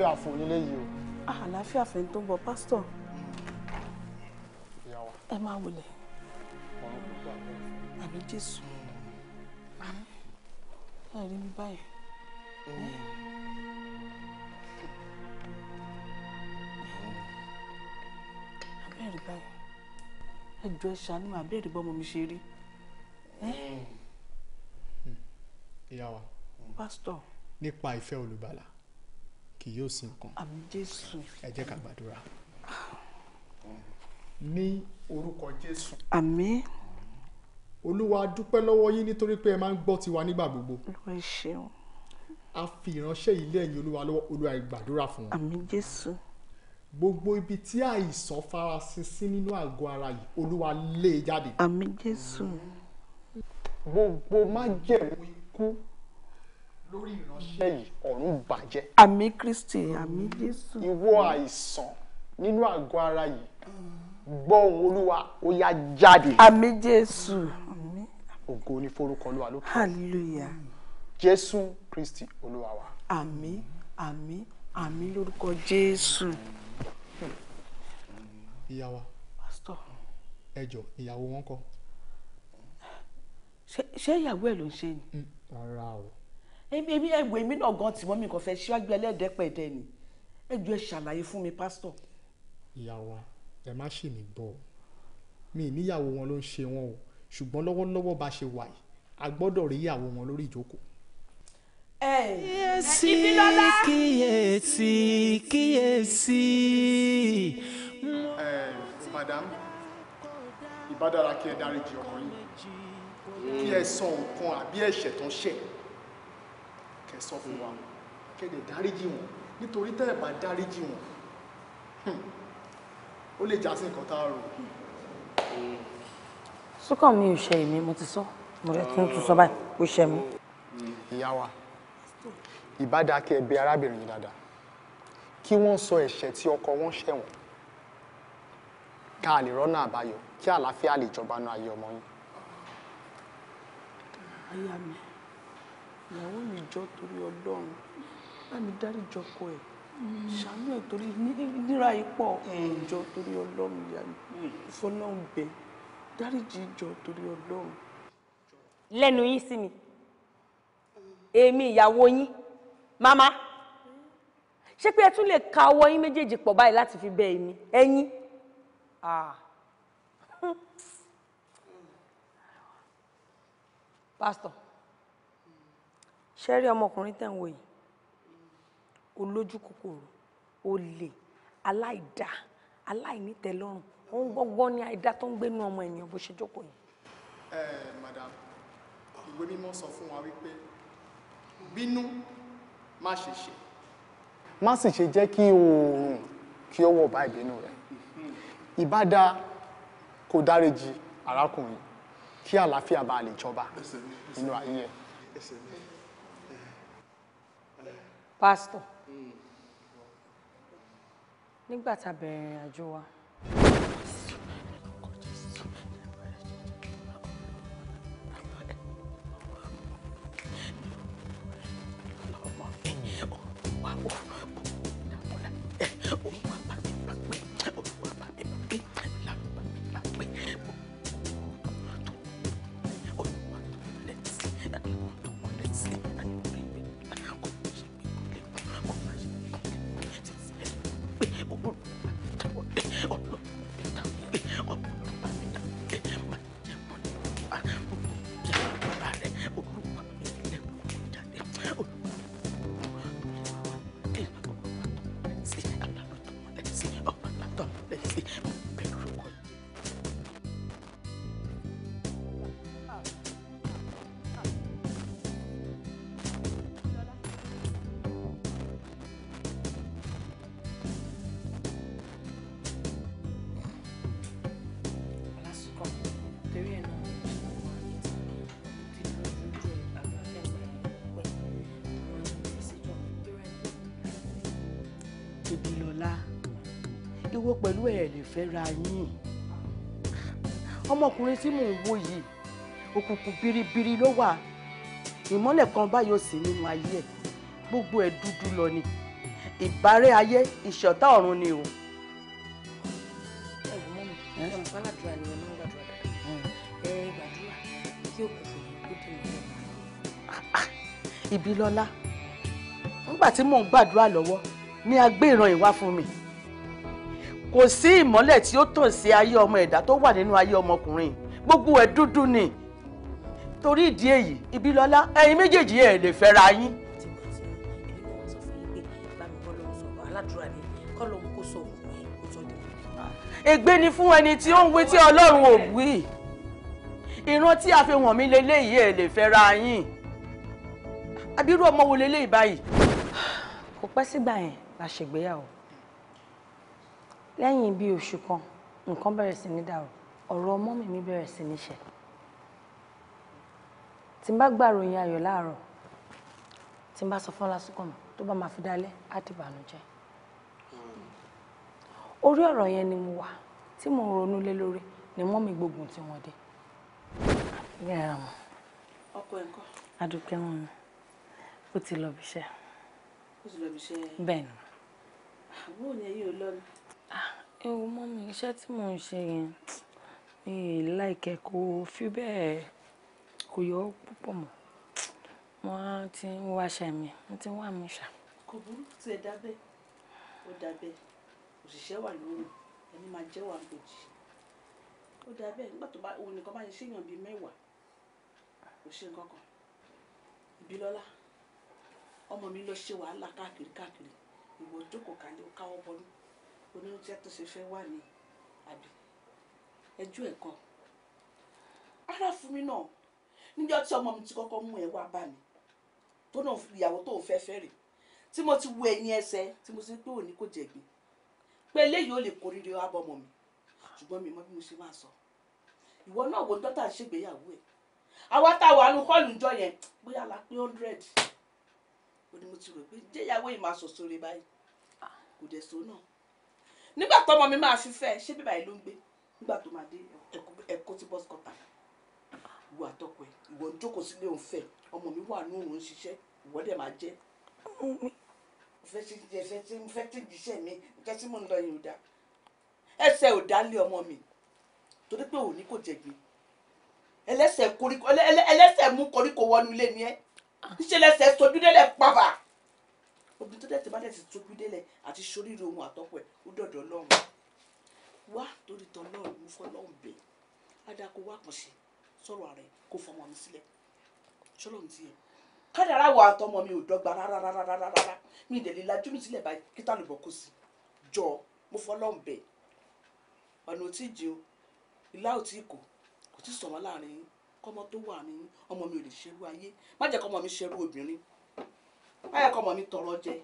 àlàáfíà fún nílé yìí o. Ah, àlàáfíà fẹ́ tó ń bọ̀ pásítọ̀ ẹ máa wulẹ̀ àmì jésù ẹ rí mi báyìí. abẹ́rẹ́ báyìí ẹ jọ ẹ ṣàánú abẹ́rẹ́ bọ́mọ mi ṣe rí. ìyá wa pásítọ̀ nípa ìfẹ́ olùgbàlà kì yóò sí nǹkan. àmín jésù. ẹ jẹ́ ká gbàdúrà. ní orúkọ jésù. àmín. olúwa dúpẹ́ lọ́wọ́ yín nítorí pé ẹ máa ń gbọ́ tiwa nígbà gbogbo. a fi ìránṣẹ́ yìí lẹ́yìn olúwa lọ́wọ́ olúwa ẹ gbàdúrà fún wọn. àmín jésù gbogbo ibi tí àìsàn farasin sí nínú àgọ́ ara yìí olúwa lé e jáde. àmín jésù. gbogbo májẹ̀mú ikú lórí ìránṣẹ́ yìí ọ̀run bàjẹ́. àmín kristi àmín jésù. ìwọ àìsàn nínú àgọ́ ara yìí gbọ́ ohùn olúwa ó yá jáde. àmín jésù. ògo ni forúkọ olúwa ló pọ̀. hallelujah. jésù kristi olúwa wa. àmín àmín àmín lórúkọ jésù. ìyá wa ẹ jọ ìyàwó wọn kọ́. ṣé ìyàwó ẹ ló ń ṣe ni. Mm, rárá o èmi èmi ẹ̀wọ̀ èmi náà gan tìmọ́ mi kàn fẹ́ síwájú ẹlẹ́dẹ́pẹ̀ẹ́dẹ́ ni ẹ jọ̀ọ́ ẹ ṣàlàyé fún mi pásítọ̀. ìyá wa ẹ má ṣì mí gbọ́ mi níyàwó wọn ló ń ṣe wọn o ṣùgbọ́n lọ́wọ́lọ́wọ́ bá ṣe wà yìí a gbọ́dọ̀ rí ìyàwó wọn lórí ìjókòó. ẹ kíyèsí kíyèsí kíyèsí. ẹ madam ìbádàrà kí ẹ dáríjì ọkọ yín kí ẹ sọ nǹkan àbí ẹ̀ṣẹ̀ tó ń ṣẹ̀ ẹ sọ fún wa kẹ́dẹ̀ dáríjì wọn nítorí tẹ́ ẹ̀ bá dáríjì wọn hmm, ó lè já sí nǹkan tá a rò. sùkàn mi ò ṣe èmi mo ti sọ mo rẹ tún tún sọ báyìí ó ṣe mi. ìyá wa ìbádàkẹ́ ẹbí arábìnrin yìí dáadáa kí wọ́n sọ ẹ̀ṣẹ̀ tí ọkọ wọn ṣẹ̀wọ̀n ká lè rọ́nà àbáyọ kí àlàáfíà lè jọba nu ayé ọmọ yín jọ torí Ọlọ́run bá mi dárí jọkọ ẹ̀ ṣàánú ẹ̀ torí nira ipò ìjọ torí Ọlọ́run ìyá mi fọlọ́run bẹ̀ dáríjì ìjọ torí Ọlọ́run. lẹ́nu yín sí mi èmi ìyàwó yín màmá ṣé pé ẹ tún lè ka ọwọ́ yín méjèèjì pọ̀ báyìí láti fi bẹ èmi ẹ̀yin pásítọ̀ ṣẹ́rí ọmọkùnrin tẹ̀ ń wò yìí olójú kòkòrò olè aláìdá aláìnítẹ̀lọ́rùn òun gbọ́ngbọ́n ní àìdá tó ń gbénu ọmọ ènìyàn bó ṣe jókòó yìí. madam ìwé mímọ́ sọ fún wa wípé bínú má ṣe ṣe. má sì ṣe jẹ́ kí oòrùn kí ó wọ̀ bá ìbínú rẹ̀ ìbádá kò dáríjì arákùnrin kí àlàáfíà bá lè jọba nínú ayé ẹ̀ pásítọ̀ hmm. nígbà tá a bẹ̀rẹ̀ ìrìn àjò wa. Wow. ìwọ pẹ̀lú ẹ̀ lè fẹ́ ra yín ọmọkùnrin tí mò ń wò yìí òkùnkùn biribiri ló wà ìmọ́lẹ̀ kan báyìí ò sí nínú ayé ẹ̀ gbogbo ẹ̀ dúdú lọ ni ìbárẹ́ ayé ìṣọ̀tá ọ̀run ni o. ibi nígbà tí mò ń gbàdúrà lọ́wọ́ ni agbé ìran ìwá fún mi kò sí ìmọ́lẹ̀ tí ó tàn sí ayé ọmọ ẹ̀dá tó wà nínú ayé ọmọkùnrin gbogbo ẹ̀ dúdú ni torí ìdí èyí Ìbílọ́lá ẹ̀yin méjèèjì ẹ̀ lè fẹ́ra yín. ègbé ni fún ẹni tí ó ń wí tí Ọlọ́run ò wí ìran tí a fi hàn mí leléyìí ẹ̀ lè fẹ́ra yín abirú ọmọ wo leléyìí báyìí. kò pẹ́ sígbà yẹn la ṣègbéyàwó lẹ́yìn bíi oṣù kan nǹkan bẹ̀rẹ̀ sí ní dàrú ọ̀rọ̀ ọmọ mi mi bẹ̀rẹ̀ sí ní ṣe tí n bá gbàròyìn ayọ̀ láàárọ̀ tí n bá sọ fún Ọlásùnkànmí tó bá máa fi dalẹ̀ á di ìbànújẹ́ orí ọ̀rọ̀ yẹn ni mo wà tí mo ronú lé lórí ni mọ́ mi gbógun tí wọ́n dé. ọkọ ẹ̀ ńkọ́. adúpẹ́ wọn ni ó ti lọ bí iṣẹ́. ó ti lọ bí iṣẹ́. bẹ́ẹ̀ ni. àbúrò ni ẹ̀yin ò lọ ni. Ẹ wo mummy, iṣẹ́ tí mò ń ṣe yẹn, mi ò like e kó fi bẹ́ẹ̀ kò yọ púpọ̀ mọ́. Mo wa ti ń wá ṣà mi, mo ti ń wá mi ṣà. Kò burú tí ẹ dábẹ́, ó dábẹ́. Òṣìṣẹ́ wà lóru, ẹni máa jẹ́ wà gbòdì. Ó dábẹ́ nígbà tó bá, òun nìkan bá ṣe èèyàn bí mẹ́wàá, kò ṣe nǹkan kan. Ìbílọ́lá, ọmọ mi lọ ṣe wàhálà káàkiri káàkiri, ìwọ jókòó kalẹ̀ ó káwọ́ bọnú oníṣẹ́ tó ṣe fẹ́ wà ní àbí ẹjọ́ ẹ̀ kan ara fún mi náà níjọ́ tí ọmọ mi ti kọ́kọ́ mú ẹ wá bá mi tó náà ìyàwó tó fẹ́ fẹ́ rè tí mo ti wo ẹ̀yìn ẹsẹ̀ tí mo ti pé òní kò jẹ̀bi pé eléyìí ò lè kórìíre wá bọ́mọ mi ṣùgbọ́n mi mọ bí mo ṣe máa sọ ìwọ náà wo dọ́tà ṣègbéyàwó ẹ̀ àwa tá a wà nù hall ńjọ́ yẹn bóyá la pé hundred ó ní mo ti rò pé jẹ́yàwó yìí máa sòsòrè báyìí kò dẹ̀ so náà nígbà tọmọ mi máa fi fẹ́ ṣé bíbá yìí ló ń gbé nígbà tó máa dé ẹ̀kọ́ tí bọ́sì kọ́ta ìwọ àtọkọ ẹ̀ ìwọ ń jókòó sílé òun fẹ́ ọmọ mi wà ní òun ń ṣiṣẹ́ ìwọ dẹ̀ máa jẹ́ fẹ́ ti jẹ fẹ́ ti fẹ́ ti jíṣẹ́ mi fẹ́ tí mò ń lọ yìí ò dá ẹsẹ̀ ò dá lé ọmọ mi torí pé òní kò jẹ̀gbin ẹlẹ́sẹ̀ koríko ẹlẹ́sẹ̀ mú koríko wọnú ilé ni ẹ́ ah. níṣẹ́ lẹ́sẹ̀ sojú délẹ̀ pàbà obìnrin tó dẹ̀ ti bá dẹ̀ ti tóbi délẹ̀ àti soríire ohun àtọ́kọ ẹ̀ ó dọ̀dọ̀ Ọlọ́run wá torí tọ́ Ọlọ́run mo fọ́ Ọlọ́run bẹ̀ ádàkọ wá kàn sí sọ̀rọ̀ ààrẹ kò fọmọ mi sílẹ̀ ṣọlọ́run ti yẹ kádàrá wà àtọmọ mi ò dọ́gba rárá rárá rárá rárá mi ì dẹ̀lé lajú mi sílẹ̀ báyìí kí tálùbọ̀ kò sí jọ mo fọ́ Ọlọ́run bẹ̀ ọ̀nà ò tí ì jẹ́ o ìlà ò tí ì kò kò tí ì sọ̀mọ́ láàrin kọ́mọ tó wà ní ọmọ mi ò lè ṣerú ayé má jẹ́ kọ́mọ mi ṣerú obìnrin báyọ̀ kọ́ ọmọ mi tọrọ jẹ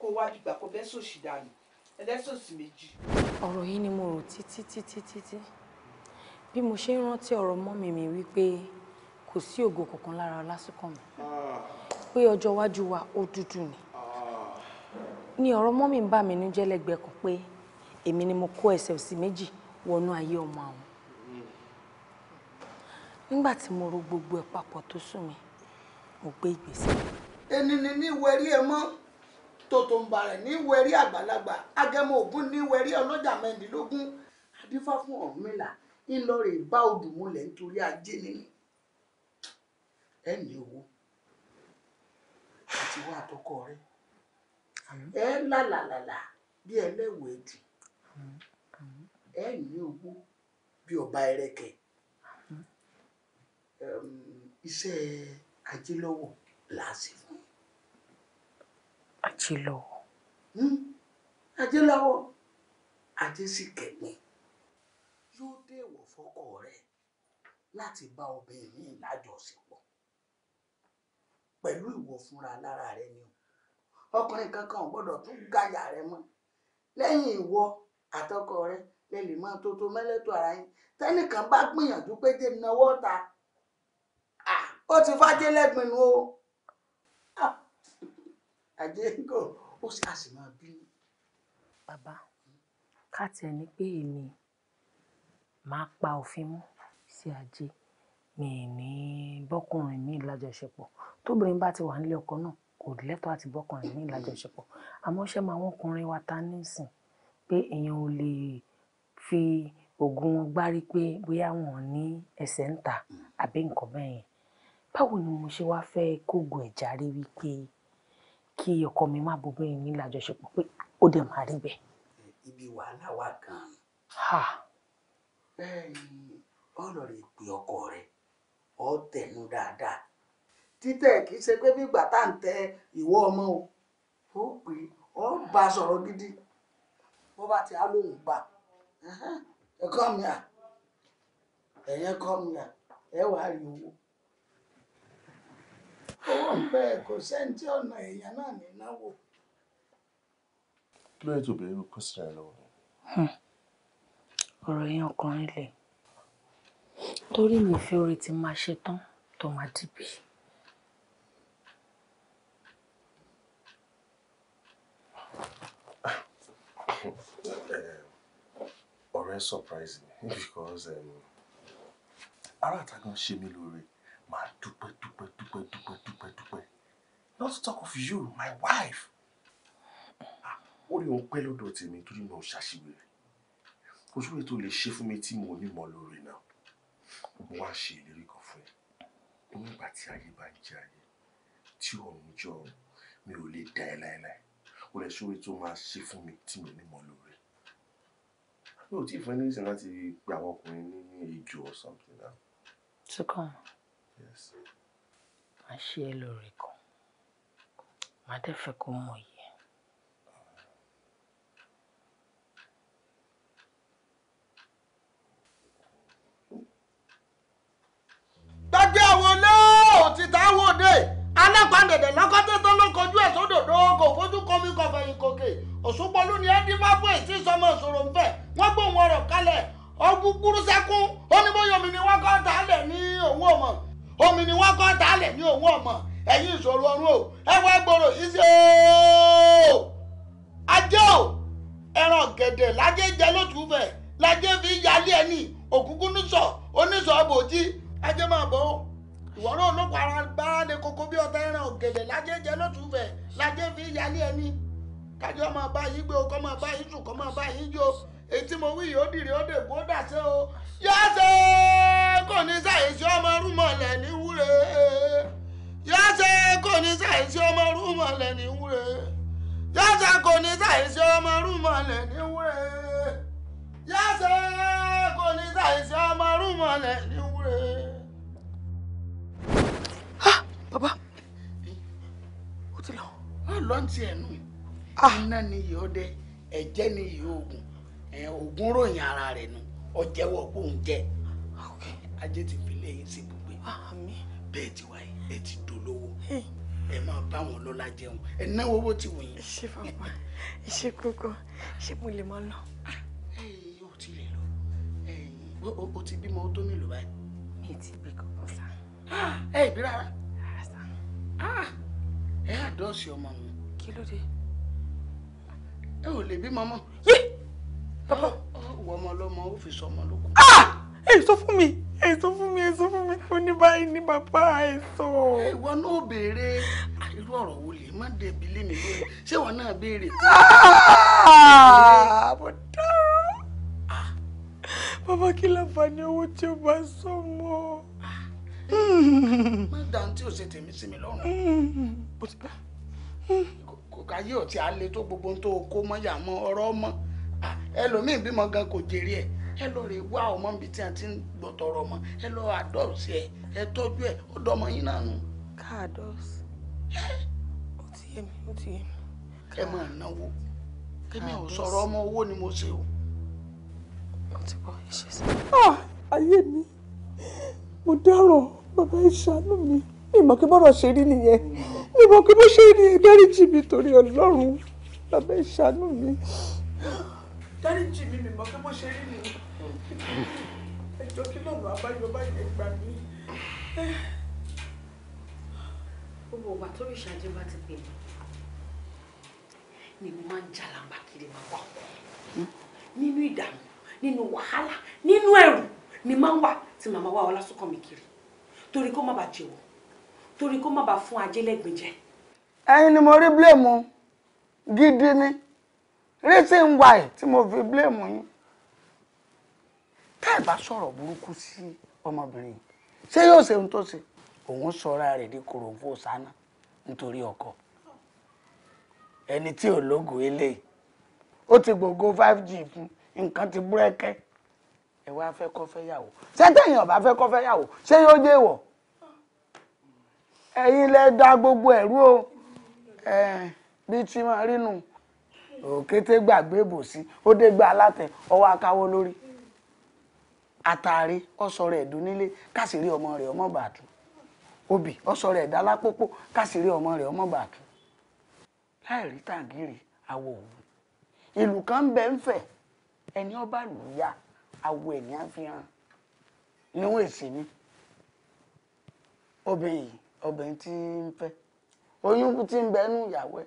kó wá dìgbà kó bẹ́ sòsì dànù ẹlẹ́sòsì méjì. ọ̀rọ̀ yìí ni mo rò títí títí títí bí mo ṣe ń rántí ọ̀rọ̀ mọ́mì mi wípé kò sí ògo kankan lára Ọlásùnkànmí pé ọjọ́ iwájú wa ó dúdú ni ni ọ̀rọ̀ mọ́mì ń bà mí nújẹ́ lẹ́gbẹ̀ẹ́ kan pé èmi ni mo kó ẹsẹ̀ òsì méjì wọnú ayé ọmọ àwọn nígbà tí mo ro gbogbo ẹ̀ papọ̀ tó sùn mi mo gbé ìgbésẹ̀ ẹni ni ní wẹrí ẹ mọ́ tòtòǹbàrẹ̀ ní wẹrí àgbàlagbà agẹmọ ògún ní wẹrí ọlọ́jà mẹ́rìndínlógún adífá fún Ọ̀rúnmìlà ńlọrọ̀ ìbá odùmúlẹ̀ nítorí ajé nínú ẹ ní owó àti wá àtọkọ rẹ hmm. ẹ lálàlàlà bí ẹlẹ́wẹ̀ẹ́ jù hmm. hmm. ẹ ní owó bí ọba ẹrẹ̀kẹ́ iṣẹ́ ajé lọ́wọ́ làásìfò ajé lọ́wọ́. ajé lọ́wọ́ ajé sì kẹ̀gbìn yóò déèwọ̀ fọ́kọ rẹ̀ láti bá obìnrin míì lájọṣepọ̀ pẹ̀lú ìwọ fúnra lára rẹ ni o ọkùnrin kankan ò gbọ́dọ̀ tún gàyà rẹ mọ́ lẹ́yìn ìwọ àtọkọ rẹ lè lè mọ tó tó mẹ́lẹ́tọ̀ ara yín tẹ́nìkan bá gbìyànjú pé jẹ́ náwó ta ó ti fájẹ́ lẹ́gbìn nu o àjẹngò ó sì àsì máa bínú. bàbá ká tiẹ̀ ní pé èmi máa pa òfin mú sí ajé mi ní bọ́kùnrin mi lájọṣepọ̀ tóbìnrin bá ti wà nílé ọkọ náà kò lẹ́tọ̀ọ́ àti bọ́kùnrin mi lájọṣepọ̀ àmọ́ ṣé máa wọ́n ọkùnrin wa ta nísìn pé èèyàn ò lè fi oògùn wọn gbárí pé bóyá wọn ní ẹsẹ̀ ń ta àbí nǹkan bẹ́ẹ̀ yẹn báwo ni mo ṣe wá fẹ́ kógun ẹ̀já rí wípé kí ọkọ mi má bọ́ bẹ́ẹ̀ ní lájọṣepọ̀ pé ó dẹ̀ máa rí bẹ́ẹ̀. ibi wàhálà wà gan-an. bẹ́ẹ̀ ni ọ̀rọ̀ rẹ̀ pé ọkọ rẹ̀ ọ̀ tẹ̀nu dáadáa títẹ̀ kì í ṣe pé bígbà tá à ń tẹ ìwọ ọmọ o ó pè ó bá a sọ̀rọ̀ gidi bó bá ti á lóhùn gbà ẹ̀kọ́ mi à ẹ̀yẹ́kọ́ mi à ẹ̀ wàá rí owó owó ń bẹ kò sẹ́ni tí ọ̀nà èèyàn náà ní náwó. kí ló yẹ tó bèrè irú kọ́sìtì rẹ lọ́wọ́. Hmm. ọ̀rọ̀ yẹn ọkùnrin lè torí mi fi orí ti máa ṣe tán tó máa dìbì. ọ̀rẹ́ surprise me because um, ara àtàgàn ṣe mí lóore máa dúpẹ́ dúpẹ́ dúpẹ́ dúpẹ́ dúpẹ́ dúpẹ́ not to talk of you my wife ah, ó rí òun pẹ́ lọ́dọ̀ tèmi torí náà ṣàṣìwèrè òṣèré tó lè ṣe fún mi tí mo ní mọ lórí náà mo wá ṣe ìlérí kan fún ẹ ní ìgbà tí ayé bá jẹ ayé tí ọ̀run jọ mi ò lè dá ẹ láéláé ó lè ṣòro tó máa ṣe fún mi tí mo ní mọ lórí mi ò tí ì fún ẹ ní ìsìn láti or something. to come. Màá ṣe ẹ lóore kan. Màá dẹ̀ fẹ́ kó mọ̀ yìí. gbàgbé àwọn olóòó ti táwọn òde alápàdẹ̀dẹ̀ lọ́kọ́tẹ́ tó ló kojú ẹ̀ sódòdó kò fojú komi kò fẹ̀yìn kòkè òṣùpọ̀lù ni ẹ́ dín bá fún èsì sọmọ ìṣòro ń fẹ̀ wọ́n gbóhùn ọ̀rọ̀ kalẹ̀ ọgbùgbùrú sẹ́kún ó ní bóyá ni wọ́n kọ́ ta lẹ̀ ní òun ò omi nìwọ kọ tali mi ọhụ ọmọ eyi sọrọ ọhụ gboro efu egboro isiooo adio ẹran gege laje jelotu fe laje fi yali eni okuku nsọ onisọọbụji adio ma bọọ wọrọ ọlụkwara gbara de koko bi ọtara ẹran gege laje jelotu fe laje fi yali eni k'adio ma ba hi gbe ma ba hi ko ma ba hi ijoo. ètí mo wí yìí ó dìrì ó dègbò ó dàṣẹ o yáṣẹ kò ní ṣàyẹsí ọmọ rúmọlẹ ní wúre yáṣẹ kò ní ṣàyẹsí ọmọ rúmọlẹ ní wúre yáṣẹ kò ní ṣàyẹsí ọmọ rúmọlẹ ní wúre yáṣẹ kò ní ṣàyẹsí ọmọ rúmọlẹ ní wúre. Ah, bàbá ó ti lọ. wọ́n lọ́ọ́ ti ẹ̀ nù iná yìí ó dé ni yìí oògùn ogun ròyìn ara rẹ̀ nu ọjẹ́wọ́ pòun jẹ́ ajé ti fi lẹ́yìn sí gbogbo bẹ́ẹ̀ ti wáyé ẹ ti dolówó ẹ máa bá wọn lọ́la jẹun ẹ náwó owó ti wọ̀nyí. ẹ ṣe pàpà ẹ ṣe kókó ṣé mo lè máa lọ. Ah, ẹyin o ti lè lọ ẹyin o ti bímọ o tó mi lò báyìí. mi ti bí kókó sá. Ah, ẹ ìbí rárá. rárá sá. Ah, ẹ àdọ́sí ọmọ mi. kí ló dé. ẹ ò lè bímọ mọ́. yé wọ ọmọ ọlọ́mọ ó fi sọmọ lókun. Ah! ẹ sọ fún mi ẹ sọ fún mi ẹ sọ fún mi ó ní báyìí ní bàbá ẹ sọ. ìwọ náà béèrè ah, irú ọ̀rọ̀ wo lè má débi lé mi lórí ṣé ìwọ náà béèrè. Ah! mo dára bàbá kí láǹfààní owó tí ó bá sọ mọ. Hmm. má dáhùn tí o ṣe tèmi sí mi lọ́rùn. bó hmm. kò káyé ọ̀tí alẹ́ tó gbogbo ohun tó kó mọ́ yà ọ̀rọ̀ mọ́ ẹlòmíín bímọ gan kò jèrè ẹ̀ ẹ lọ rè wá ọmọ níbi tí a ti ń gbọ̀tọ̀rọ̀ ọmọ ẹ lọ àdọ́ọ̀sì ẹ ẹ tọ́jú ẹ ó dọmọ yín náà nù. ká àdọ́ọ̀sì ó ti yé mi ó ti yé mi. kẹ máa náwó kẹmi ò sọ̀rọ̀ ọmọ owó ni mo ṣe o. mo ti bọ iṣẹ́ sí. ayé mi mo dáràn bàbá ìṣàánú mi ní ìmọ̀ kí bọ́dọ̀ ṣe rí nìyẹn ní ìmọ̀ kí bó ṣe rí ẹ mi torí Ọlọ́run bàbá ìṣàánú mi dáríjì mi mi mọ pé bó ṣe rí mi ẹjọ́ kí lọ́nà àbáyọ báyìí gbà mí. gbogbo ìgbà tó rí ìṣàjẹ́ bá ti pè mí ni mo máa ń jalamba kiri bàbá nínú ìdààmú nínú wàhálà nínú ẹ̀rù ni máa ń wà tí màmá wa ọlá sọkàn mi kiri torí kó má bàa jẹ́wọ́ torí kó má bàa fún ajé lẹ́gbẹ̀jẹ́. ẹ̀yin ni mo rí blame gidi ni reason why tí mo fi blame yín tá ẹ bá sọ̀rọ̀ burúkú sí ọmọbìnrin yìí ṣé yóò ṣe ohun tó ṣe òun sọra rẹ̀ di kòròǹfò sáná nítorí ọkọ ẹni tí ò lógo eléyìí ó ti gbogbo five g fún nǹkan ti búrẹ́kẹ́ ẹ wá fẹ́ kọ́ fẹ́ yàwó ṣé tẹ̀yìn ọ̀bá fẹ́ kọ́ fẹ́ yàwó ṣé yóò jẹ́ ìwọ̀ ẹ̀yin lẹ dá gbogbo ẹ̀rú o bí tí máa rí nù òkété gbàgbé bòsí ó dé gba alátẹ ọwọ́ akáwó lórí àtàrí ọsọ rẹ̀ dùn nílé kásìrí ọmọ rẹ̀ ọmọ bàtú obì ọsọ rẹ̀ dá lápòpò kásìrí ọmọ rẹ̀ ọmọ bàtú láì rí tàǹgìrì àwọ òwú ìlú kan bẹ ń fẹ ẹni ọba lù yá àwọ ẹni àfihàn níwọn èsì mi obìnrin obìnrin tí ń fẹ́ oyún tí ń bẹ nù yàwó ẹ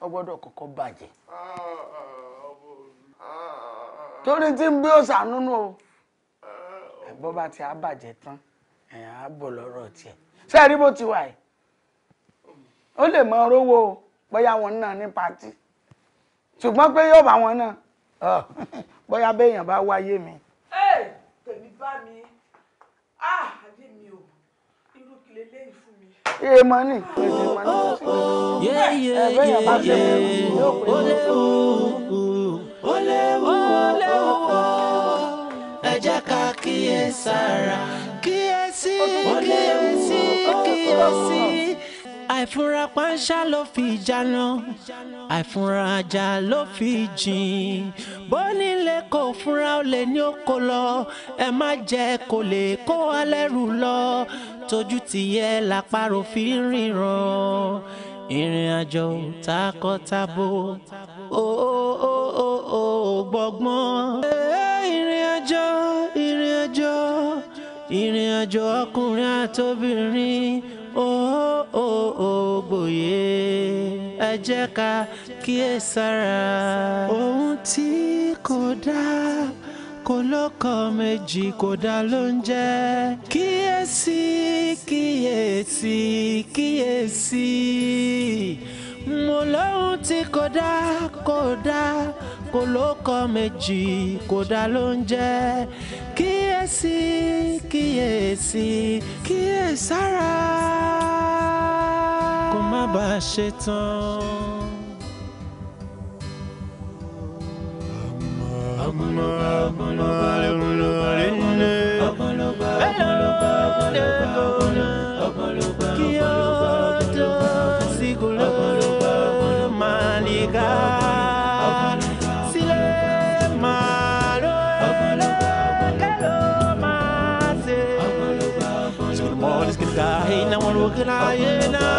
ó gbọ́dọ̀ kọ́kọ́ bàjẹ́ ah, ah, ah, torí tí ń bí ó sànúnú o bó bá ti á bàjẹ́ tán ẹ̀yàn á bò lọ́rọ̀ tiẹ̀ sẹ́ẹ̀rí bó ti wà yìí ó lè mọ rówó bóyá wọn náà ní pátì ṣùgbọ́n pé yóò bá wọn náà bóyá béèyàn bá wáyé mi. ee mọ ní èdè mọ ní kòsí ẹgbẹ́ yẹn bá fẹ́ mi yóò pè é ó léwu ó léwu ẹ jẹ́ ká kíyèsára kíyèsí kíyèsí kíyèsí àìfúnra pàṣà ló fi jáná àìfúnra ajá ló fi jìn bó nílé kò fúnra ó lè ní oko lọ ẹ má jẹ kó lè kó alẹ́rù lọ tójú ti yẹ làpárò fi ń ríran ìrìn àjò takọtabo ó ó ó ó ó gbọgbọ́n. Eh, ìrìn àjò ìrìn àjò ìrìn àjò ọkùnrin àtobìnrin ó ó ó gbòye ẹ jẹ́ ká kíyèsára. ohun tí kò dáa kò lọ́kọ̀ méjì kò dáa ló ń jẹ́. kíyèsí kíyèsí kíyèsí mo lóhun tí kò dáa kò dáa kò lóko méjì kódà ló ń jẹ́ kíyèsí kíyèsí kíyèsára kó má bàa ṣe tán. Amúnáwá amúnáwá lẹ́múná. وغناينا